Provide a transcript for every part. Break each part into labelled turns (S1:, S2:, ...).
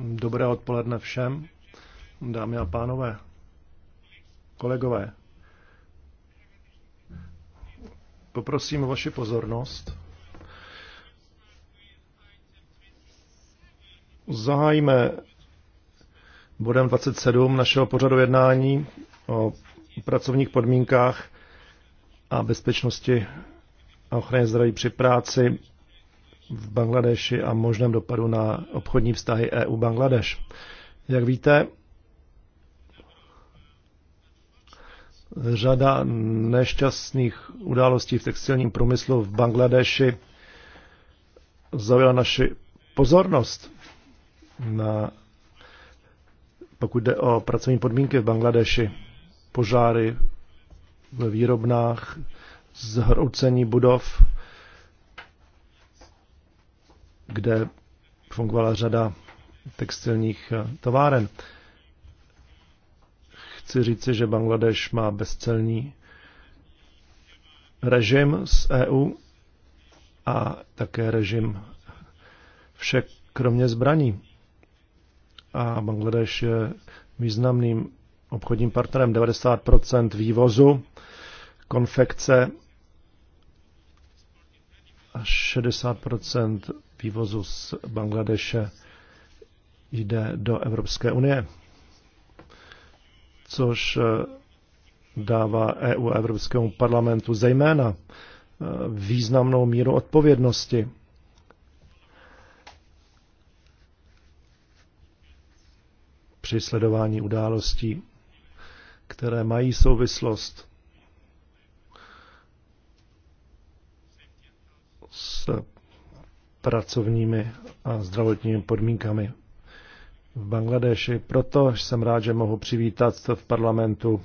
S1: Dobré odpoledne všem, dámy a pánové, kolegové. Poprosím o vaši pozornost. Zahájíme bodem 27 našeho pořadu jednání o pracovních podmínkách a bezpečnosti a ochraně zdraví při práci v Bangladeši a možném dopadu na obchodní vztahy EU-Bangladeš. Jak víte, řada nešťastných událostí v textilním průmyslu v Bangladeši zaujala naši pozornost na pokud jde o pracovní podmínky v Bangladeši, požáry ve výrobnách, zhroucení budov, kde fungovala řada textilních eh, továren. Chci říci, že Bangladeš má bezcelní režim z EU a také režim vše kromě zbraní. A Bangladeš je významným obchodním partnerem 90 vývozu, konfekce a 60 vývozu z Bangladeše jde do Evropské unie, což eh, dává EU a Evropskému parlamentu zejména eh, významnou míru odpovědnosti. při sledování událostí, které mají souvislost s pracovními a zdravotními podmínkami v Bangladeši. Proto jsem rád, že mohu přivítat v parlamentu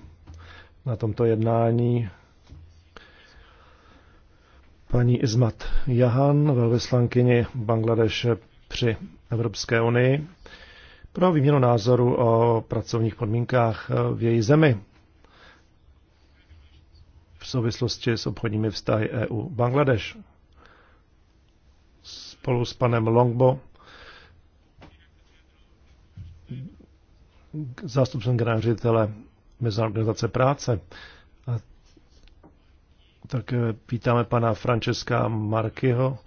S1: na tomto jednání paní Izmat Jahan, velvyslankyni Bangladeše při Evropské unii, pro výměnu názoru o pracovních podmínkách v její zemi v souvislosti s obchodními vztahy EU Bangladeš spolu s panem Longbo, zástupcem generálního ředitele Mezinárodní organizace práce. A tak eh, vítáme pana Francesca Markyho,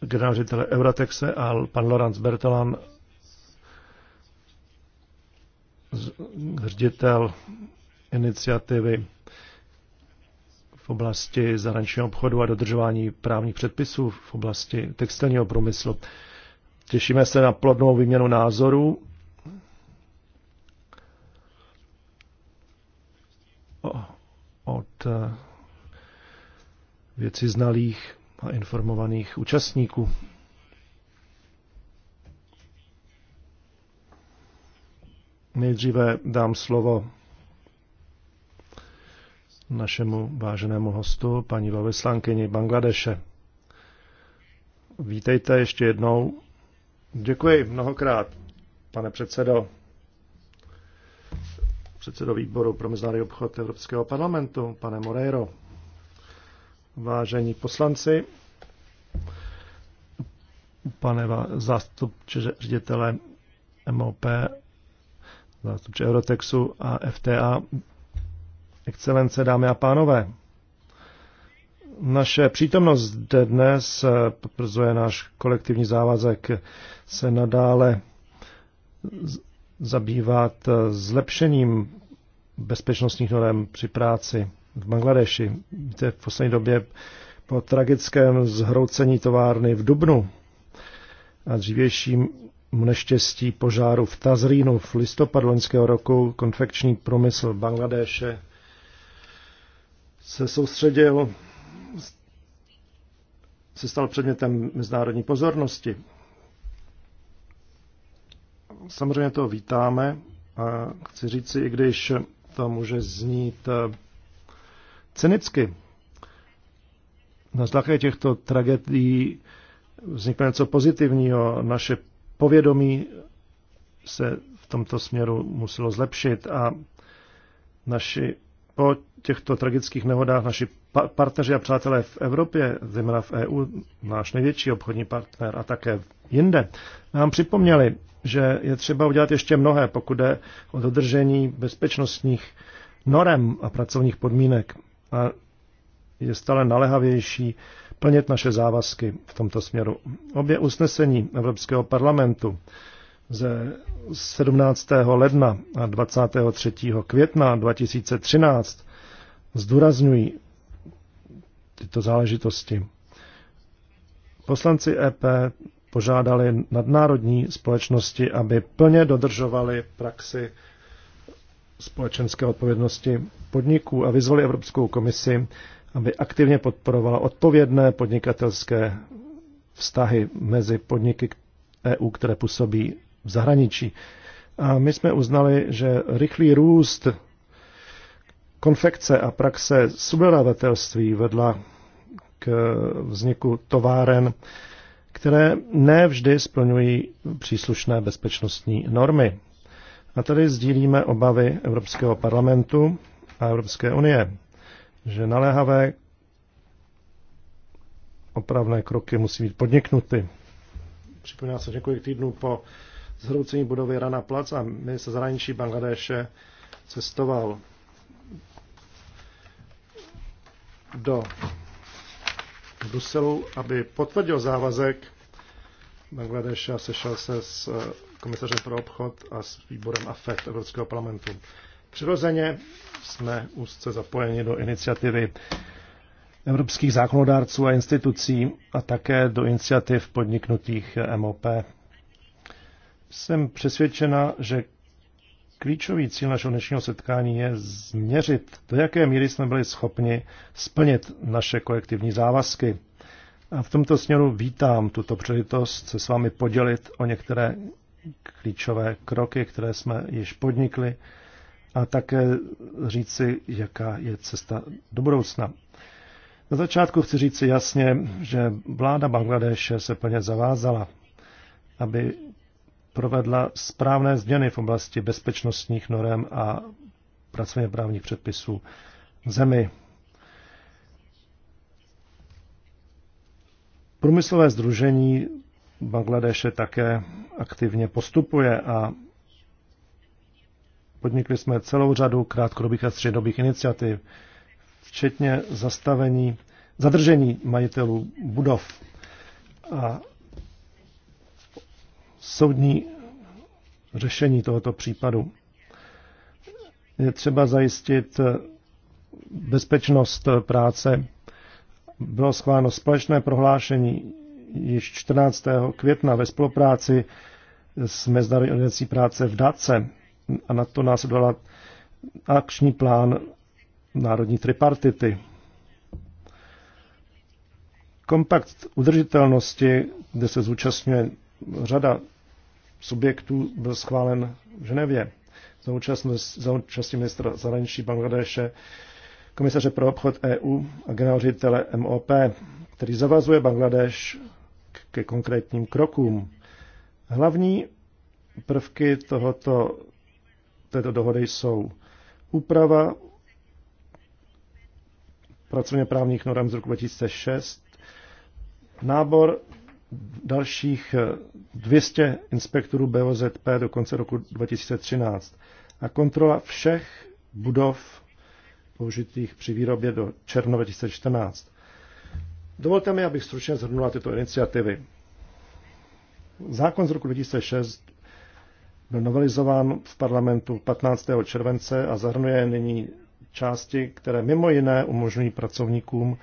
S1: generál ředitele Euratexe a pan Lorenz Bertolan, ředitel iniciativy v oblasti zahraničního obchodu a dodržování právních předpisů v oblasti textilního průmyslu. Těšíme se na plodnou výměnu názorů. od eh, věci znalých a informovaných účastníků. Nejdříve dám slovo našemu váženému hostu, paní velvyslankyni Bangladeše. Vítejte ještě jednou. Děkuji mnohokrát, pane předsedo, předsedo výboru pro mezinárodní obchod Evropského parlamentu, pane Moreiro. Vážení poslanci, pane zástupče ředitele MOP, zástupče Eurotexu a FTA, Excelence, dámy a pánové, naše přítomnost zde dnes eh, potvrzuje náš kolektivní závazek se nadále zabývat eh, zlepšením bezpečnostních norem při práci v Bangladeši. Víte, v poslední době po tragickém zhroucení továrny v Dubnu a dřívějším neštěstí požáru v Tazrínu v listopadu loňského roku konfekční promysl Bangladeše se soustředil, se stal předmětem mezinárodní pozornosti. Samozřejmě to vítáme a chci říci, i když to může znít eh, cynicky, na základě těchto tragédií vznikne něco pozitivního. Naše povědomí se v tomto směru muselo zlepšit a naši po těchto tragických nehodách naši partneři a přátelé v Evropě, zejména v EU, náš největší obchodní partner a také jinde, nám připomněli, že je třeba udělat ještě mnohé, pokud jde o dodržení bezpečnostních norem a pracovních podmínek. A je stále naléhavější plnit naše závazky v tomto směru. Obě usnesení Evropského parlamentu ze 17. ledna a 23. května 2013 zdůrazňují tyto záležitosti. Poslanci EP požádali nadnárodní společnosti, aby plně dodržovali praxi společenské odpovědnosti podniků a vyzvali Evropskou komisi, aby aktivně podporovala odpovědné podnikatelské vztahy mezi podniky EU, které působí v zahraničí. A my jsme uznali, že rychlý růst konfekce a praxe subdodavatelství vedla k vzniku továren, které nevždy splňují příslušné bezpečnostní normy. A tady sdílíme obavy Evropského parlamentu a Evropské unie, že naléhavé opravné kroky musí být podniknuty. Připomíná se několik týdnů po zhroucení budovy Rana Plac a my se zahraničí Bangladeše cestoval do Bruselu, aby potvrdil závazek Bangladeše a sešel se s eh, komisařem pro obchod a s výborem AFET Evropského parlamentu. Přirozeně jsme úzce zapojeni do iniciativy evropských zákonodárců a institucí a také do iniciativ podniknutých MOP jsem přesvědčena, že klíčový cíl našeho dnešního setkání je změřit, do jaké míry jsme byli schopni splnit naše kolektivní závazky. A v tomto směru vítám tuto příležitost se s vámi podělit o některé klíčové kroky, které jsme již podnikli a také říci, jaká je cesta do budoucna. Na začátku chci říci jasně, že vláda Bangladeše se plně zavázala, aby provedla správné změny v oblasti bezpečnostních norem a pracovně právních předpisů v zemi. Průmyslové združení Bangladeše také aktivně postupuje a podnikli jsme celou řadu krátkodobých a středobých iniciativ, včetně zastavení, zadržení majitelů budov a soudní řešení tohoto případu. Je třeba zajistit bezpečnost práce. Bylo schváleno společné prohlášení již 14. května ve spolupráci s Mezinárodní organizací práce v Dace a na to následovala akční plán národní tripartity. Kompakt udržitelnosti, kde se zúčastňuje řada subjektů byl schválen v Ženevě. Za účastí ministra zahraničí Bangladeše, komisaře pro obchod EU a generál MOP, který zavazuje Bangladeš ke konkrétním krokům. Hlavní prvky tohoto, této dohody jsou úprava pracovně právních norm z roku 2006, nábor dalších 200 eh, inspektorů BOZP do konce roku 2013 a kontrola všech budov použitých při výrobě do června 2014. Dovolte mi, abych stručně zhrnula tyto iniciativy. Zákon z roku 2006 byl novelizován v parlamentu 15. července a zahrnuje nyní části, které mimo jiné umožňují pracovníkům,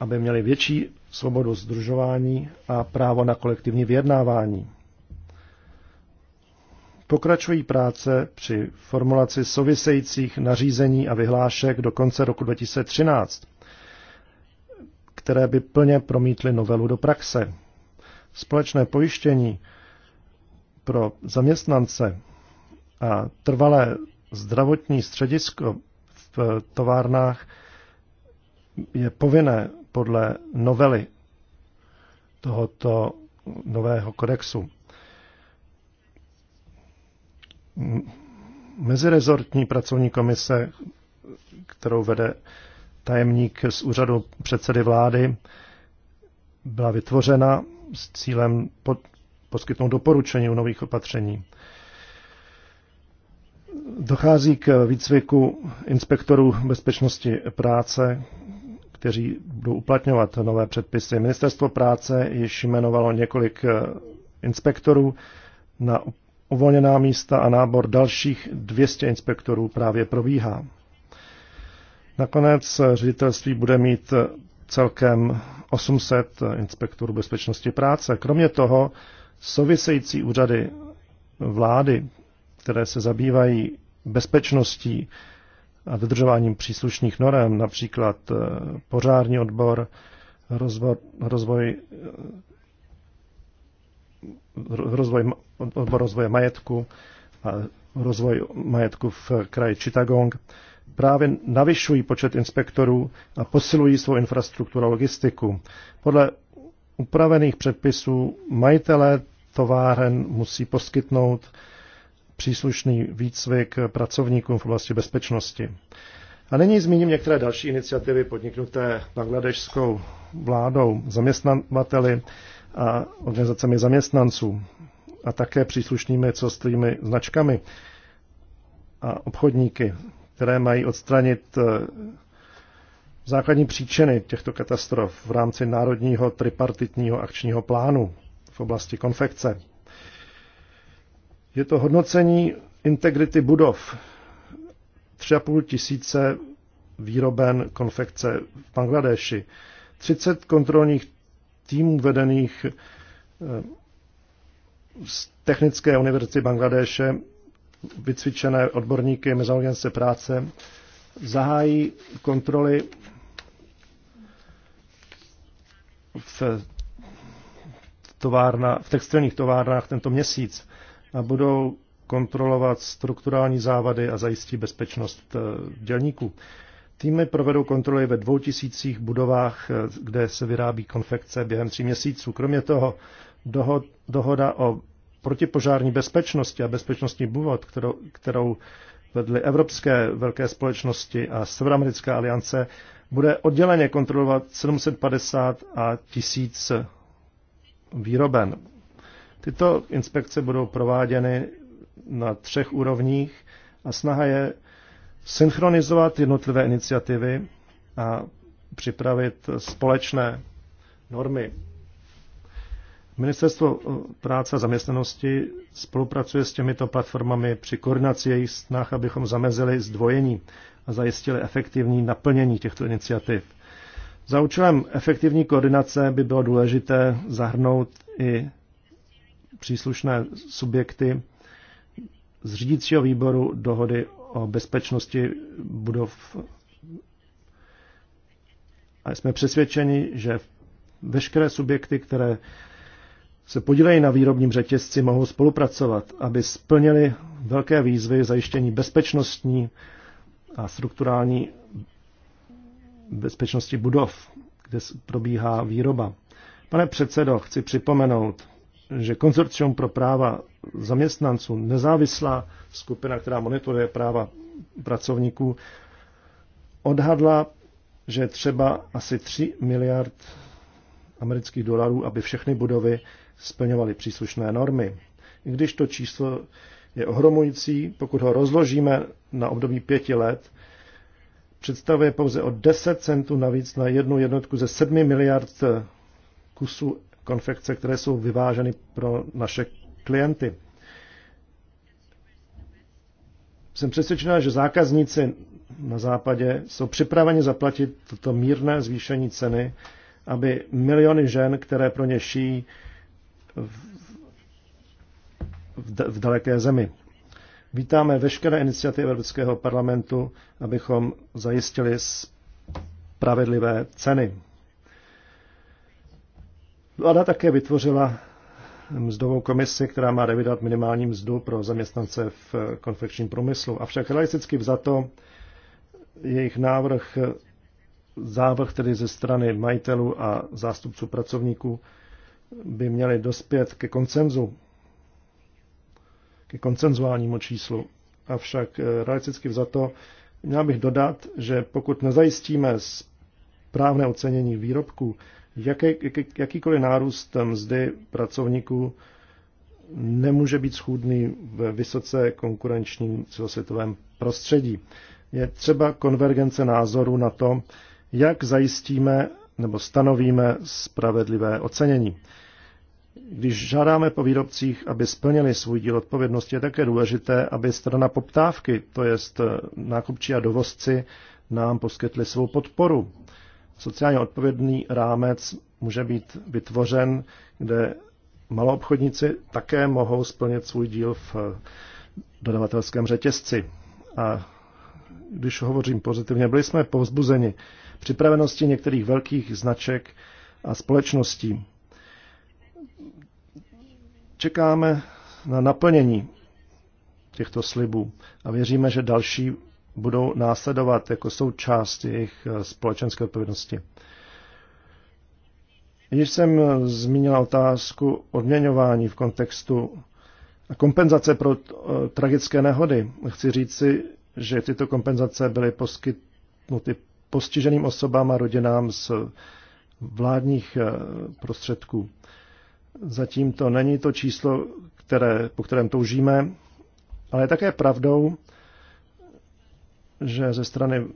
S1: aby měli větší svobodu združování a právo na kolektivní vyjednávání. Pokračují práce při formulaci souvisejících nařízení a vyhlášek do konce roku 2013, které by plně promítly novelu do praxe. Společné pojištění pro zaměstnance a trvalé zdravotní středisko v továrnách je povinné podle novely tohoto nového kodexu. Mezirezortní pracovní komise, kterou vede tajemník z úřadu předsedy vlády, byla vytvořena s cílem pod, poskytnout doporučení u nových opatření. Dochází k výcviku inspektorů bezpečnosti práce, kteří budou uplatňovat nové předpisy. Ministerstvo práce již jmenovalo několik eh, inspektorů na uvolněná místa a nábor dalších 200 inspektorů právě probíhá. Nakonec eh, ředitelství bude mít eh, celkem 800 inspektorů bezpečnosti práce. Kromě toho související úřady vlády, které se zabývají bezpečností a dodržováním příslušných norem, například eh, pořární odbor, rozvoj, eh, rozvoj, rozvoj odbor rozvoje majetku a rozvoj majetku v kraji Chittagong, právě navyšují počet inspektorů a posilují svou infrastrukturu a logistiku. Podle upravených předpisů majitelé továren musí poskytnout příslušný výcvik pracovníkům v oblasti bezpečnosti. A nyní zmíním některé další iniciativy podniknuté bangladežskou vládou, zaměstnavateli a organizacemi zaměstnanců a také příslušnými celostlými značkami a obchodníky, které mají odstranit eh, základní příčiny těchto katastrof v rámci národního tripartitního akčního plánu v oblasti konfekce. Je to hodnocení integrity budov. 3,5 tisíce výroben konfekce v Bangladeši. 30 kontrolních týmů vedených eh, z Technické univerzity Bangladeše, vycvičené odborníky Mezinárodní práce, zahájí kontroly v, továrna, v textilních továrnách tento měsíc a budou kontrolovat strukturální závady a zajistí bezpečnost eh, dělníků. Týmy provedou kontroly ve dvou tisících budovách, eh, kde se vyrábí konfekce během tří měsíců. Kromě toho dohoda o protipožární bezpečnosti a bezpečnostní důvod, kterou, kterou vedly evropské velké společnosti a Severoamerická aliance, bude odděleně kontrolovat 750 a 1000 výroben. Tyto inspekce budou prováděny na třech úrovních a snaha je synchronizovat jednotlivé iniciativy a připravit společné normy. Ministerstvo práce a zaměstnanosti spolupracuje s těmito platformami při koordinaci jejich snah, abychom zamezili zdvojení a zajistili efektivní naplnění těchto iniciativ. Za účelem efektivní koordinace by bylo důležité zahrnout i příslušné subjekty z řídícího výboru dohody o bezpečnosti budov. A jsme přesvědčeni, že veškeré subjekty, které se podílejí na výrobním řetězci, mohou spolupracovat, aby splnili velké výzvy zajištění bezpečnostní a strukturální bezpečnosti budov, kde probíhá výroba. Pane předsedo, chci připomenout, že konzorcium pro práva zaměstnanců, nezávislá skupina, která monitoruje práva pracovníků, odhadla, že třeba asi 3 miliard amerických dolarů, aby všechny budovy splňovaly příslušné normy. I když to číslo je ohromující, pokud ho rozložíme na období pěti let, představuje pouze o 10 centů navíc na jednu jednotku ze 7 miliard kusů konfekce, které jsou vyváženy pro naše klienty. Jsem přesvědčená, že zákazníci na západě jsou připraveni zaplatit toto mírné zvýšení ceny, aby miliony žen, které pro ně šíjí v, v daleké zemi. Vítáme veškeré iniciativy Evropského parlamentu, abychom zajistili spravedlivé ceny. Vláda také vytvořila mzdovou komisi, která má revidovat minimální mzdu pro zaměstnance v konfekčním průmyslu. Avšak realisticky vzato jejich návrh, závrh tedy ze strany majitelů a zástupců pracovníků, by měli dospět ke koncenzu, ke koncenzuálnímu číslu. Avšak eh, realisticky vzato měl bych dodat, že pokud nezajistíme správné ocenění výrobků, Jaké, jakýkoliv nárůst mzdy pracovníků nemůže být schůdný ve vysoce konkurenčním celosvětovém prostředí. Je třeba konvergence názorů na to, jak zajistíme nebo stanovíme spravedlivé ocenění. Když žádáme po výrobcích, aby splnili svůj díl odpovědnosti, je také důležité, aby strana poptávky, to jest eh, nákupčí a dovozci, nám poskytli svou podporu. Sociálně odpovědný rámec může být vytvořen, kde maloobchodníci také mohou splnit svůj díl v eh, dodavatelském řetězci. A když hovořím pozitivně, byli jsme povzbuzeni připravenosti některých velkých značek a společností. Čekáme na naplnění těchto slibů a věříme, že další budou následovat jako součást jejich eh, společenské odpovědnosti. Již jsem eh, zmínila otázku odměňování v kontextu kompenzace pro eh, tragické nehody. Chci říci, že tyto kompenzace byly poskytnuty postiženým osobám a rodinám z vládních prostředků. Zatím to není to číslo, které, po kterém toužíme, ale je také pravdou, že ze strany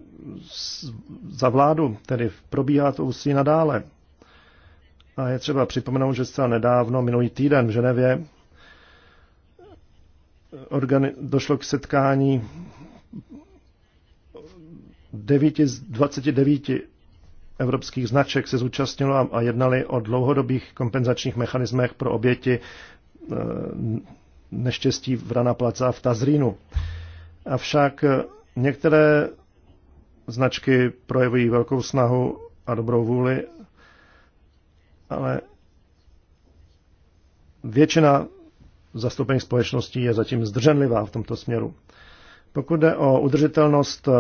S1: za vládu tedy probíhá to úsilí nadále. A je třeba připomenout, že zcela nedávno, minulý týden v Ženevě, organi- došlo k setkání 9 z 29 evropských značek se zúčastnilo a jednali o dlouhodobých kompenzačních mechanismech pro oběti e, neštěstí v Rana Placa a v Tazrínu. Avšak e, Některé značky projevují velkou snahu a dobrou vůli, ale většina zastoupených společností je zatím zdrženlivá v tomto směru. Pokud jde o udržitelnost eh,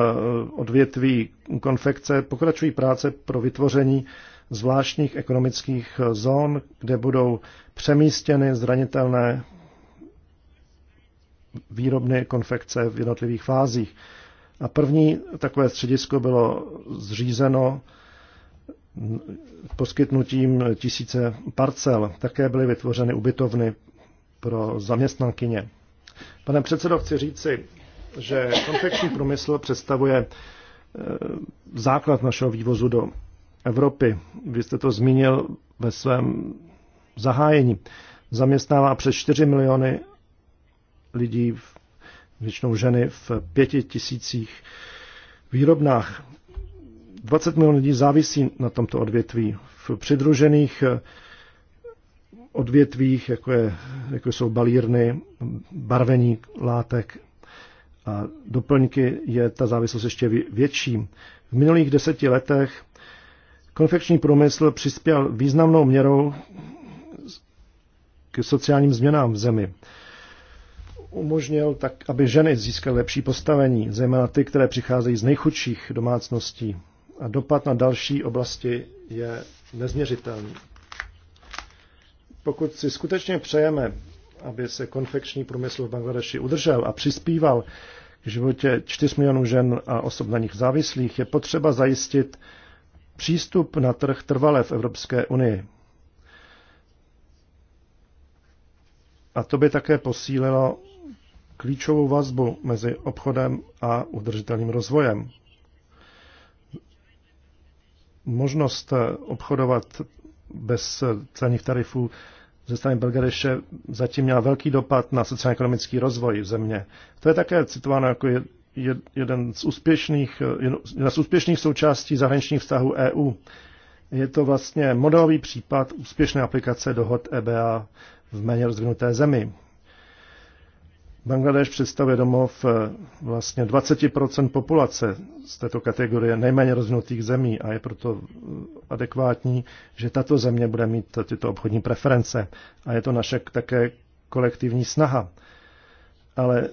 S1: odvětví konfekce, pokračují práce pro vytvoření zvláštních ekonomických eh, zón, kde budou přemístěny zranitelné výrobny konfekce v jednotlivých fázích. A první takové středisko bylo zřízeno poskytnutím tisíce parcel. Také byly vytvořeny ubytovny pro zaměstnankyně. Pane předsedo, chci říci, že konfekční průmysl představuje eh, základ našeho vývozu do Evropy. Vy jste to zmínil ve svém zahájení. Zaměstnává přes 4 miliony lidí v většinou ženy, v pěti tisících výrobnách. 20 milionů lidí závisí na tomto odvětví. V přidružených eh, odvětvích, jako, je, jako jsou balírny, barvení látek a doplňky, je ta závislost ještě větší. V minulých deseti letech konfekční průmysl přispěl významnou měrou k sociálním změnám v zemi umožnil tak, aby ženy získaly lepší postavení, zejména ty, které přicházejí z nejchudších domácností. A dopad na další oblasti je nezměřitelný. Pokud si skutečně přejeme, aby se konfekční průmysl v Bangladeši udržel a přispíval k životě 4 milionů žen a osob na nich závislých, je potřeba zajistit přístup na trh trvale v Evropské unii. A to by také posílilo klíčovou vazbu mezi obchodem a udržitelným rozvojem. Možnost eh, obchodovat bez eh, celních tarifů ze strany Belgadeše zatím měla velký dopad na sociálně-ekonomický rozvoj země. To je také citováno jako jeden z úspěšných, eh, jedna z úspěšných součástí zahraničních vztahů EU. Je to vlastně modelový případ úspěšné aplikace dohod EBA v méně rozvinuté zemi. Bangladeš představuje domov eh, vlastně 20% populace z této kategorie nejméně rozvinutých zemí a je proto eh, adekvátní, že tato země bude mít tyto obchodní preference. A je to naše také kolektivní snaha. Ale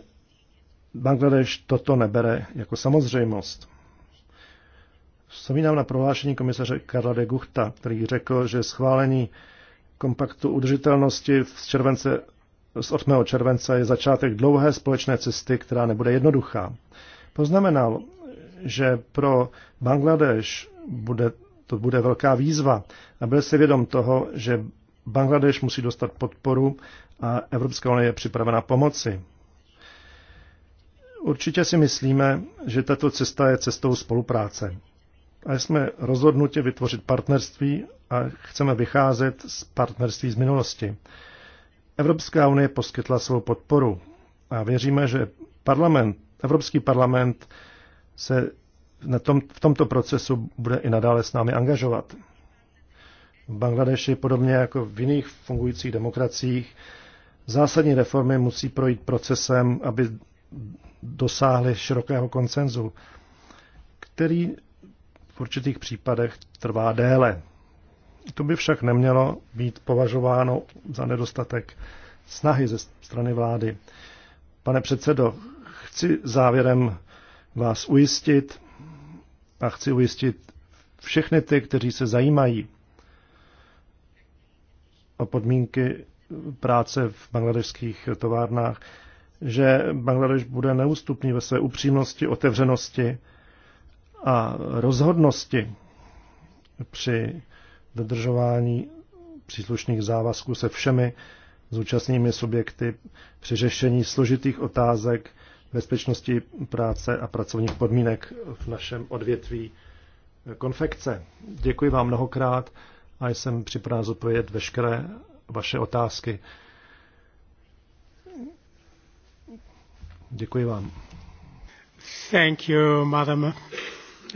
S1: Bangladeš toto nebere jako samozřejmost. Vzpomínám na prohlášení komisaře Karla de Guchta, který řekl, že schválení kompaktu udržitelnosti v července z 8. července je začátek dlouhé společné cesty, která nebude jednoduchá. Poznamenal, že pro Bangladeš bude, to bude velká výzva a byl si vědom toho, že Bangladeš musí dostat podporu a Evropská unie je připravena pomoci. Určitě si myslíme, že tato cesta je cestou spolupráce. A jsme rozhodnutě vytvořit partnerství a chceme vycházet z partnerství z minulosti. Evropská unie poskytla svou podporu a věříme, že parlament, Evropský parlament se na tom, v tomto procesu bude i nadále s námi angažovat. V Bangladeši, podobně jako v jiných fungujících demokraciích, zásadní reformy musí projít procesem, aby dosáhly širokého koncenzu, který v určitých případech trvá déle. To by však nemělo být považováno za nedostatek snahy ze strany vlády. Pane předsedo, chci závěrem vás ujistit a chci ujistit všechny ty, kteří se zajímají o podmínky práce v bangladešských továrnách, že Bangladeš bude neústupný ve své upřímnosti, otevřenosti a rozhodnosti při dodržování příslušných závazků se všemi zúčastněnými subjekty při řešení složitých otázek bezpečnosti práce a pracovních podmínek v našem odvětví konfekce. Děkuji vám mnohokrát a jsem připraven zodpovědět veškeré vaše otázky. Děkuji vám. Thank you, madam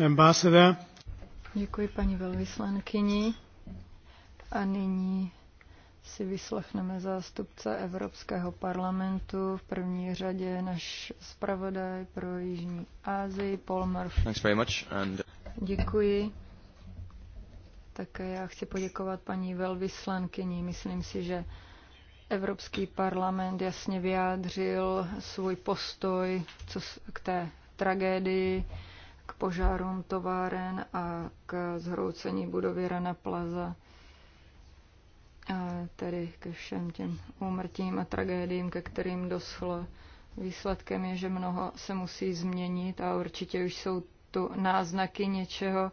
S1: ambassador.
S2: Děkuji paní velvyslankyni. A nyní si vyslechneme zástupce Evropského parlamentu, v první řadě náš zpravodaj pro Jižní Asii, Paul Murphy. Thanks very much and... Děkuji. Také já chci poděkovat paní velvyslankyni. Myslím si, že Evropský parlament jasně vyjádřil svůj postoj co k té tragédii, k požárům továren a k zhroucení budovy Rana Plaza tedy ke všem těm úmrtím a tragédiím, ke kterým doschlo, Výsledkem je, že mnoho se musí změnit a určitě už jsou tu náznaky něčeho,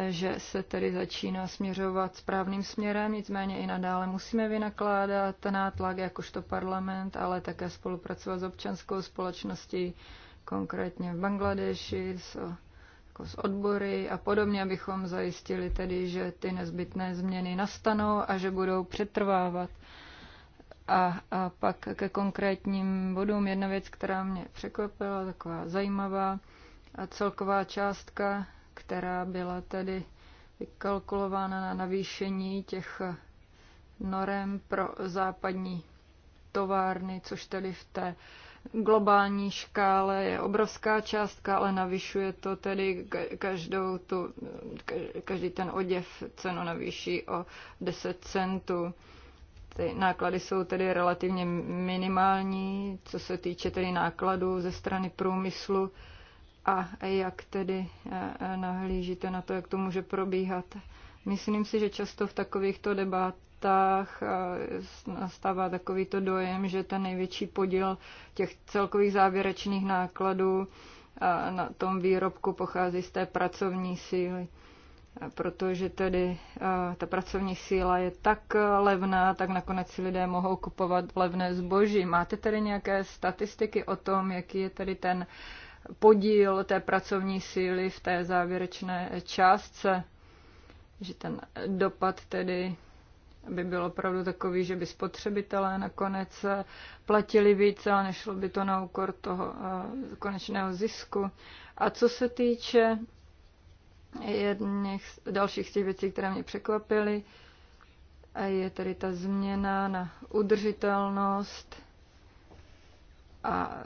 S2: e, že se tedy začíná směřovat správným směrem, nicméně i nadále musíme vynakládat nátlak jakožto parlament, ale také spolupracovat s občanskou společností, konkrétně v Bangladeši, s jako s odbory a podobně, abychom zajistili tedy, že ty nezbytné změny nastanou a že budou přetrvávat. A, a pak ke konkrétním bodům jedna věc, která mě překvapila, taková zajímavá, a celková částka, která byla tedy vykalkulována na navýšení těch norem pro západní továrny, což tedy v té globální škále je obrovská částka, ale navyšuje to tedy každou tu, každý ten oděv cenu navýší o 10 centů. Ty náklady jsou tedy relativně minimální, co se týče tedy nákladů ze strany průmyslu a jak tedy eh, eh, nahlížíte na to, jak to může probíhat. Myslím si, že často v takovýchto debat, cestách eh, nastává takovýto dojem, že ten největší podíl těch celkových závěrečných nákladů eh, na tom výrobku pochází z té pracovní síly. Eh, protože tedy ta pracovní síla je tak levná, tak nakonec si lidé mohou kupovat levné zboží. Máte tedy nějaké statistiky o tom, jaký je tedy ten podíl té pracovní síly v té závěrečné částce? že ten dopad tedy by byl opravdu takový, že by spotřebitelé nakonec eh, platili více, ale nešlo by to na úkor toho eh, konečného zisku. A co se týče jedných dalších těch věcí, které mě překvapily, je tedy ta změna na udržitelnost a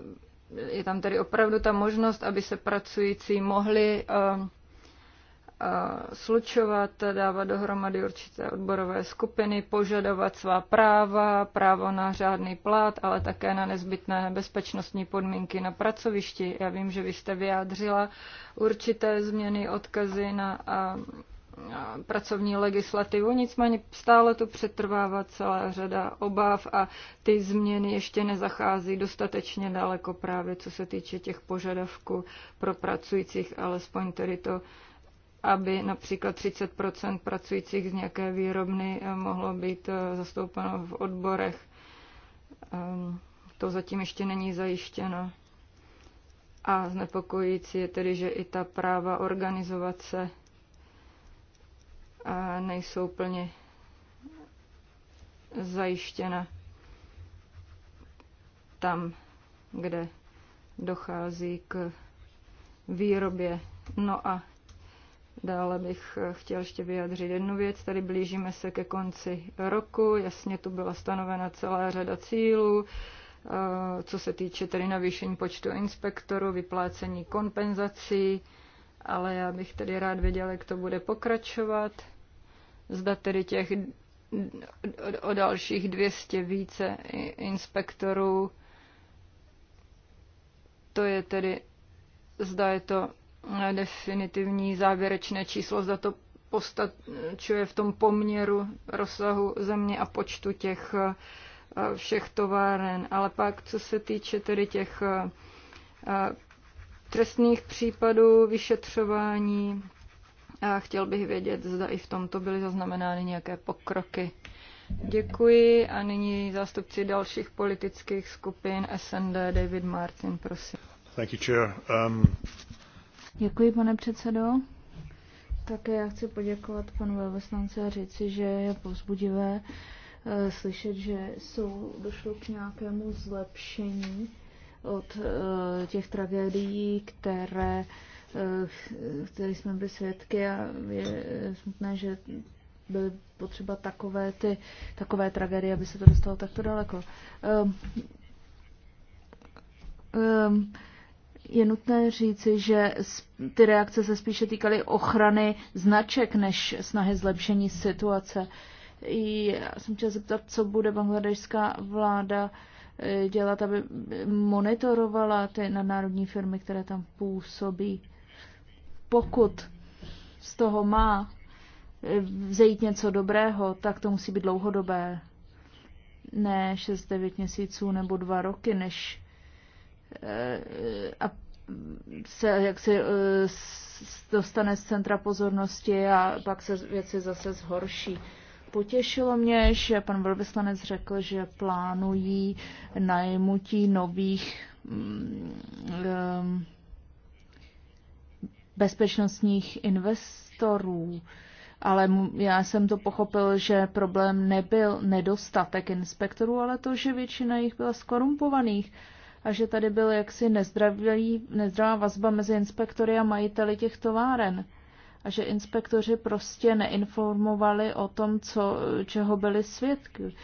S2: je tam tedy opravdu ta možnost, aby se pracující mohli uh, slučovat, dávat dohromady určité odborové skupiny, požadovat svá práva, právo na řádný plat, ale také na nezbytné bezpečnostní podmínky na pracovišti. Já vím, že vy jste vyjádřila určité změny, odkazy na a, a pracovní legislativu, nicméně stále tu přetrvává celá řada obav a ty změny ještě nezachází dostatečně daleko právě co se týče těch požadavků pro pracujících, alespoň tedy to aby například 30 pracujících z nějaké výrobny eh, mohlo být eh, zastoupeno v odborech. Ehm, to zatím ještě není zajištěno. A znepokojící je tedy, že i ta práva organizovat se eh, nejsou plně zajištěna tam, kde dochází k výrobě. No a Dále bych eh, chtěl ještě vyjádřit jednu věc. Tady blížíme se ke konci roku. Jasně tu byla stanovena celá řada cílů, eh, co se týče tedy navýšení počtu inspektorů, vyplácení kompenzací, ale já bych tedy rád věděl, jak to bude pokračovat. Zda tedy těch o dalších 200 více inspektorů, to je tedy, zda je to definitivní závěrečné číslo, zda to postačuje v tom poměru rozsahu země a počtu těch eh, všech továren. Ale pak, co se týče tedy těch eh, trestných případů, vyšetřování, a chtěl bych vědět, zda i v tomto byly zaznamenány nějaké pokroky. Děkuji a nyní zástupci dalších politických skupin SND David Martin, prosím.
S1: Thank you, Chair. Um...
S3: Děkuji, pane předsedo. Také já chci poděkovat panu velvyslanci a říci, že je povzbudivé eh, slyšet, že jsou, došlo k nějakému zlepšení od eh, těch tragédií, které, eh, které jsme byli svědky a je smutné, že byly potřeba takové, ty, takové tragédie, aby se to dostalo takto daleko. Um, um, je nutné říci, že ty reakce se spíše týkaly ochrany značek než snahy zlepšení situace. Já jsem chtěla zeptat, co bude bangladežská vláda eh, dělat, aby monitorovala ty nadnárodní firmy, které tam působí. Pokud z toho má eh, vzejít něco dobrého, tak to musí být dlouhodobé. Ne 6-9 měsíců nebo dva roky, než Eh, a se se eh, dostane z centra pozornosti a pak se věci zase zhorší. Potěšilo mě, že pan velvyslanec řekl, že plánují najmutí nových um, bezpečnostních investorů, ale já jsem to pochopil, že problém nebyl nedostatek inspektorů, ale to, že většina jich byla skorumpovaných. Uh, a že tady byl jaksi nezdravý, nezdravá vazba mezi inspektory a majiteli těch továren a že inspektoři prostě neinformovali o tom, co, čeho byli svědky.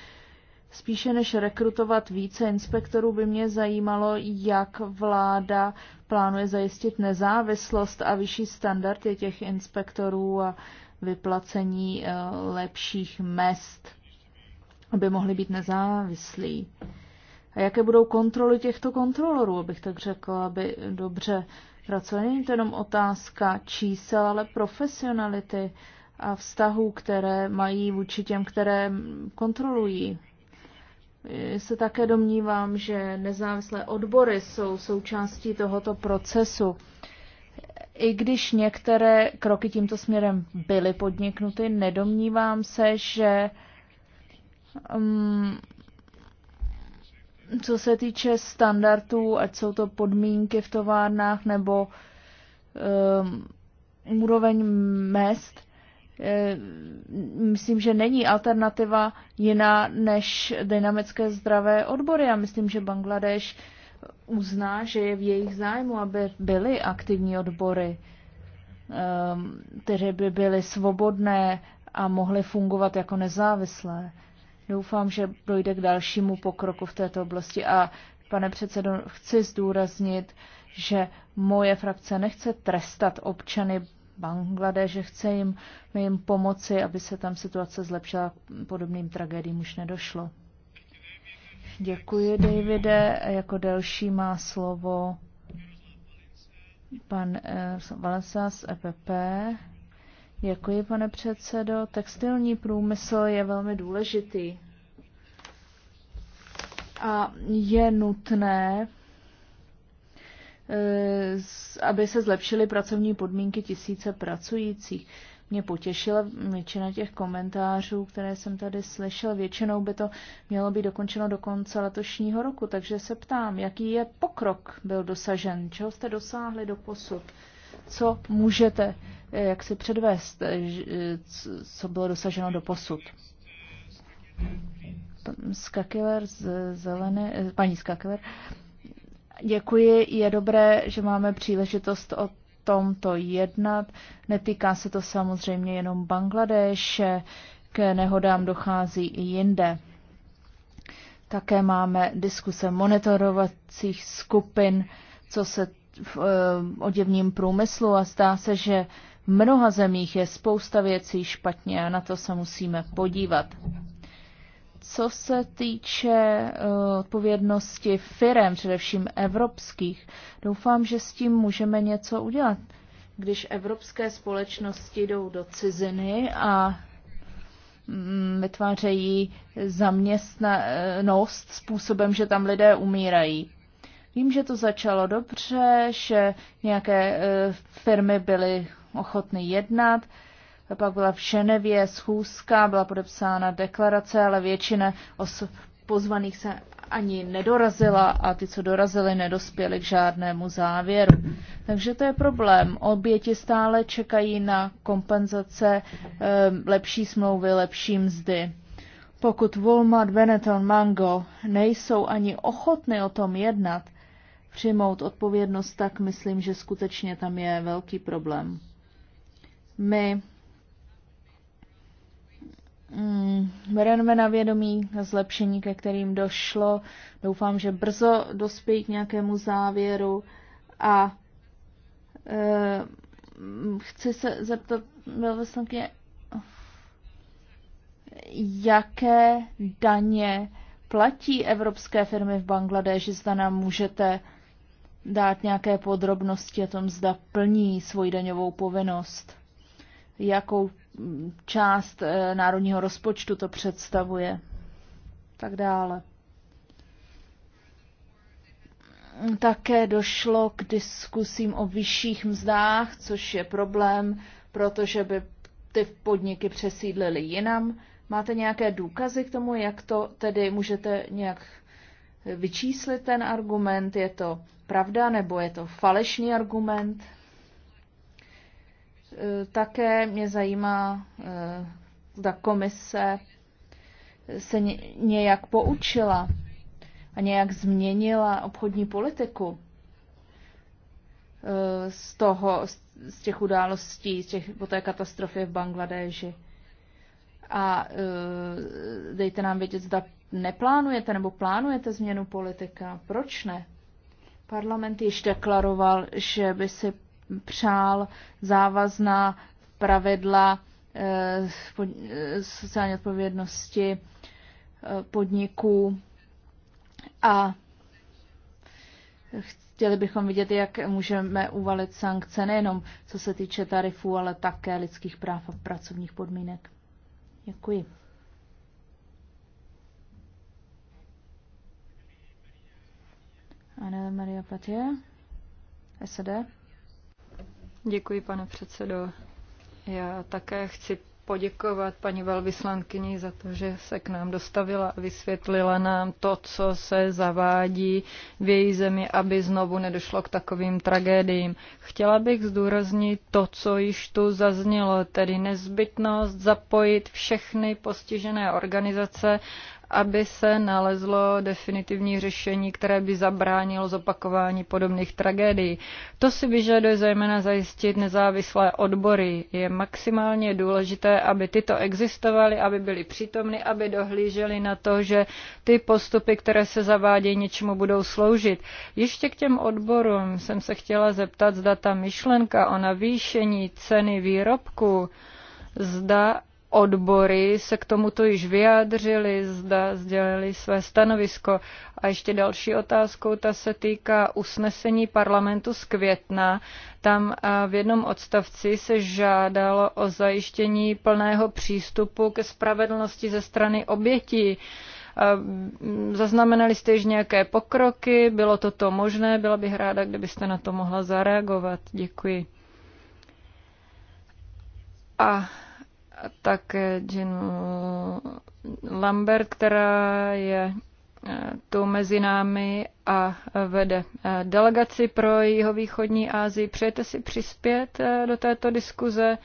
S3: Spíše než rekrutovat více inspektorů by mě zajímalo, jak vláda plánuje zajistit nezávislost a vyšší standardy těch inspektorů a vyplacení eh, lepších mest, aby mohli být nezávislí. A jaké budou kontroly těchto kontrolorů, abych tak řekla, aby dobře pracovali. Není to jenom otázka čísel, ale profesionality a vztahů, které mají vůči těm, které kontrolují. Se také domnívám, že nezávislé odbory jsou součástí tohoto procesu. I když některé kroky tímto směrem byly podniknuty, nedomnívám se, že um, co se týče standardů, ať jsou to podmínky v továrnách nebo um, úroveň mest, eh, myslím, že není alternativa jiná než dynamické zdravé odbory. Já myslím, že Bangladeš uzná, že je v jejich zájmu, aby byly aktivní odbory, ehm, které by byly svobodné a mohly fungovat jako nezávislé. Doufám, že dojde k dalšímu pokroku v této oblasti a pane předsedo, chci zdůraznit, že moje frakce nechce trestat občany Bangladeže, chce jim, jim pomoci, aby se tam situace zlepšila, podobným tragédiím už nedošlo. Děkuji, Davide. Jako další má slovo pan eh, Valesas EPP. Děkuji, pane předsedo. Textilní průmysl je velmi důležitý a je nutné, eh, aby se zlepšily pracovní podmínky tisíce pracujících. Mě potěšila většina těch komentářů, které jsem tady slyšel. Většinou by to mělo být dokončeno do konce letošního roku, takže se ptám, jaký je pokrok byl dosažen, čeho jste dosáhli do posud co můžete eh, jak si předvést, eh, eh, co bylo dosaženo do posud. Skakiller z zelené, paní Skakiller, děkuji, je dobré, že máme příležitost o tomto jednat. Netýká se to samozřejmě jenom Bangladeše, k nehodám dochází i jinde. Také máme diskuse monitorovacích skupin, co se v eh, oděvním průmyslu a zdá se, že v mnoha zemích je spousta věcí špatně a na to se musíme podívat. Co se týče eh, odpovědnosti firem, především evropských, doufám, že s tím můžeme něco udělat. Když evropské společnosti jdou do ciziny a mm, vytvářejí zaměstnanost eh, způsobem, že tam lidé umírají. Vím, že to začalo dobře, že nějaké e, firmy byly ochotny jednat, pak byla v Ženevě schůzka, byla podepsána deklarace, ale většina osob pozvaných se ani nedorazila a ty, co dorazili, nedospěli k žádnému závěru. Takže to je problém. Oběti stále čekají na kompenzace, e, lepší smlouvy, lepší mzdy. Pokud Walmart, Benetton, Mango nejsou ani ochotny o tom jednat, přijmout odpovědnost, tak myslím, že skutečně tam je velký problém. My mm, bereme na vědomí na zlepšení, ke kterým došlo. Doufám, že brzo dospějí k nějakému závěru a e, chci se zeptat velvyslankyně, jaké daně platí evropské firmy v Bangladeši, zda nám můžete dát nějaké podrobnosti o tom, zda plní svoji daňovou povinnost, jakou mm, část eh, národního rozpočtu to představuje, tak dále. Také došlo k diskusím o vyšších mzdách, což je problém, protože by ty podniky přesídlily jinam. Máte nějaké důkazy k tomu, jak to tedy můžete nějak vyčíslit ten argument? Je to pravda nebo je to falešný argument. E, také mě zajímá, e, zda komise se nějak poučila a nějak změnila obchodní politiku e, z toho, z těch událostí, z těch, po té katastrofě v Bangladeži. A dejte nám vědět, zda neplánujete nebo plánujete změnu politika. Proč ne? Parlament již deklaroval, že by si přál závazná pravidla eh, sociální odpovědnosti eh, podniků a chtěli bychom vidět, jak můžeme uvalit sankce nejenom co se týče tarifů, ale také lidských práv a pracovních podmínek. Děkuji.
S2: Anna Maria Patie, SD. Děkuji, pane předsedo. Já také chci poděkovat paní velvyslankyni za to, že se k nám dostavila a vysvětlila nám to, co se zavádí v její zemi, aby znovu nedošlo k takovým tragédiím. Chtěla bych zdůraznit to, co již tu zaznělo, tedy nezbytnost zapojit všechny postižené organizace aby se nalezlo definitivní řešení, které by zabránilo zopakování podobných tragédií. To si vyžaduje zejména zajistit nezávislé odbory. Je maximálně důležité, aby tyto existovaly, aby byly přítomny, aby dohlíželi na to, že ty postupy, které se zavádějí, něčemu budou sloužit. Ještě k těm odborům jsem se chtěla zeptat, zda ta myšlenka o navýšení ceny výrobku, zda odbory se k tomuto již vyjádřili, zda sdělili své stanovisko. A ještě další otázkou, ta se týká usnesení parlamentu z května. Tam v jednom odstavci se žádalo o zajištění plného přístupu ke spravedlnosti ze strany obětí. Mm, zaznamenali jste již nějaké pokroky, bylo to to možné, byla bych ráda, kdybyste na to mohla zareagovat. Děkuji. A také Jean Lambert, která je eh, tu mezi námi a vede eh, delegaci pro jihovýchodní Asii. Přejete si přispět eh, do této diskuze?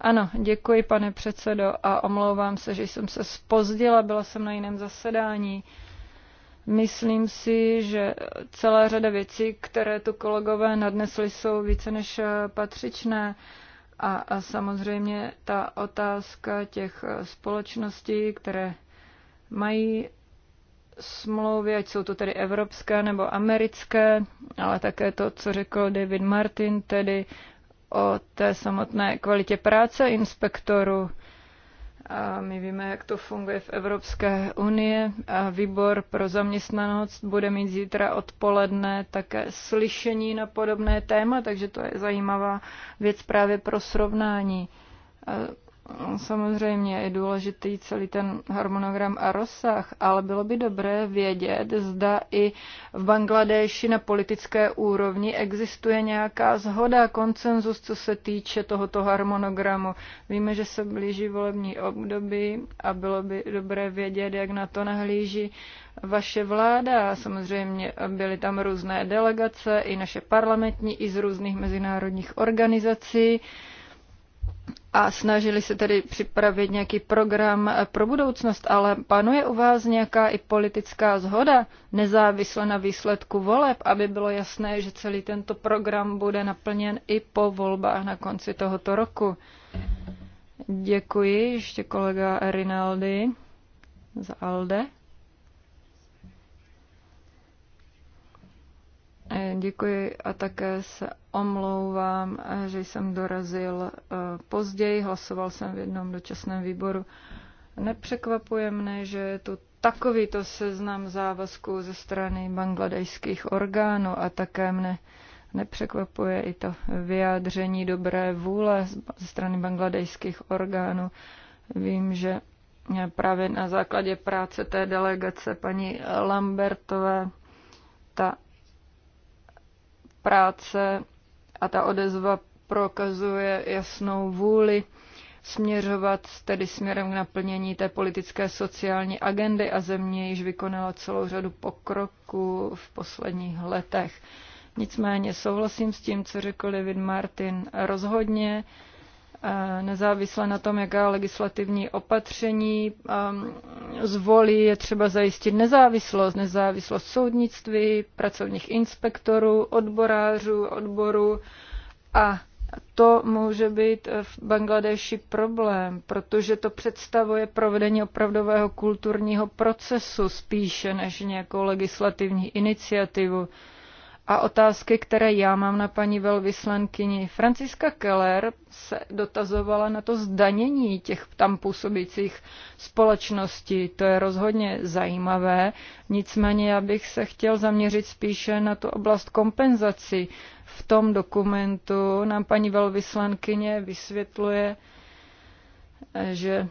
S2: Ano, děkuji, pane předsedo, a omlouvám se, že jsem se spozdila, byla jsem na jiném zasedání. Myslím si, že celá řada věcí, které tu kolegové nadnesli, jsou více než patřičné. Uh, a, a samozřejmě ta otázka těch společností, které mají smlouvy, ať jsou to tedy evropské nebo americké, ale také to, co řekl David Martin, tedy o té samotné kvalitě práce inspektoru, a my víme, jak to funguje v Evropské unii. A výbor pro zaměstnanost bude mít zítra odpoledne také slyšení na podobné téma, takže to je zajímavá věc právě pro srovnání. A Samozřejmě je důležitý celý ten harmonogram a rozsah, ale bylo by dobré vědět, zda i v Bangladeši na politické úrovni existuje nějaká zhoda, koncenzus, co se týče tohoto harmonogramu. Víme, že se blíží volební období a bylo by dobré vědět, jak na to nahlíží vaše vláda. Samozřejmě byly tam různé delegace, i naše parlamentní, i z různých mezinárodních organizací a snažili se tedy připravit nějaký program pro budoucnost, ale panuje u vás nějaká i politická zhoda, nezávisle na výsledku voleb, aby bylo jasné, že celý tento program bude naplněn i po volbách na konci tohoto roku. Děkuji ještě kolega Rinaldi za ALDE. Eh, děkuji a také se omlouvám, eh, že jsem dorazil eh, později. Hlasoval jsem v jednom dočasném výboru. Nepřekvapuje mne, že je tu takovýto seznam závazků ze strany bangladejských orgánů a také mne nepřekvapuje i to vyjádření dobré vůle ze strany bangladejských orgánů. Vím, že právě na základě práce té delegace paní Lambertové ta práce a ta odezva prokazuje jasnou vůli směřovat tedy směrem k naplnění té politické sociální agendy a země již vykonala celou řadu pokroků v posledních letech. Nicméně souhlasím s tím, co řekl David Martin. Rozhodně Eh, nezávisle na tom, jaká legislativní opatření ehm, zvolí, je třeba zajistit nezávislost, nezávislost soudnictví, pracovních inspektorů, odborářů, odboru a to může být v Bangladeši problém, protože to představuje provedení opravdového kulturního procesu spíše než nějakou legislativní iniciativu a otázky, které já mám na paní velvyslankyni. Franciska Keller se dotazovala na to zdanění těch tam působících společností. To je rozhodně zajímavé, nicméně já bych se chtěl zaměřit spíše na tu oblast kompenzací. V tom dokumentu nám paní velvyslankyně vysvětluje, že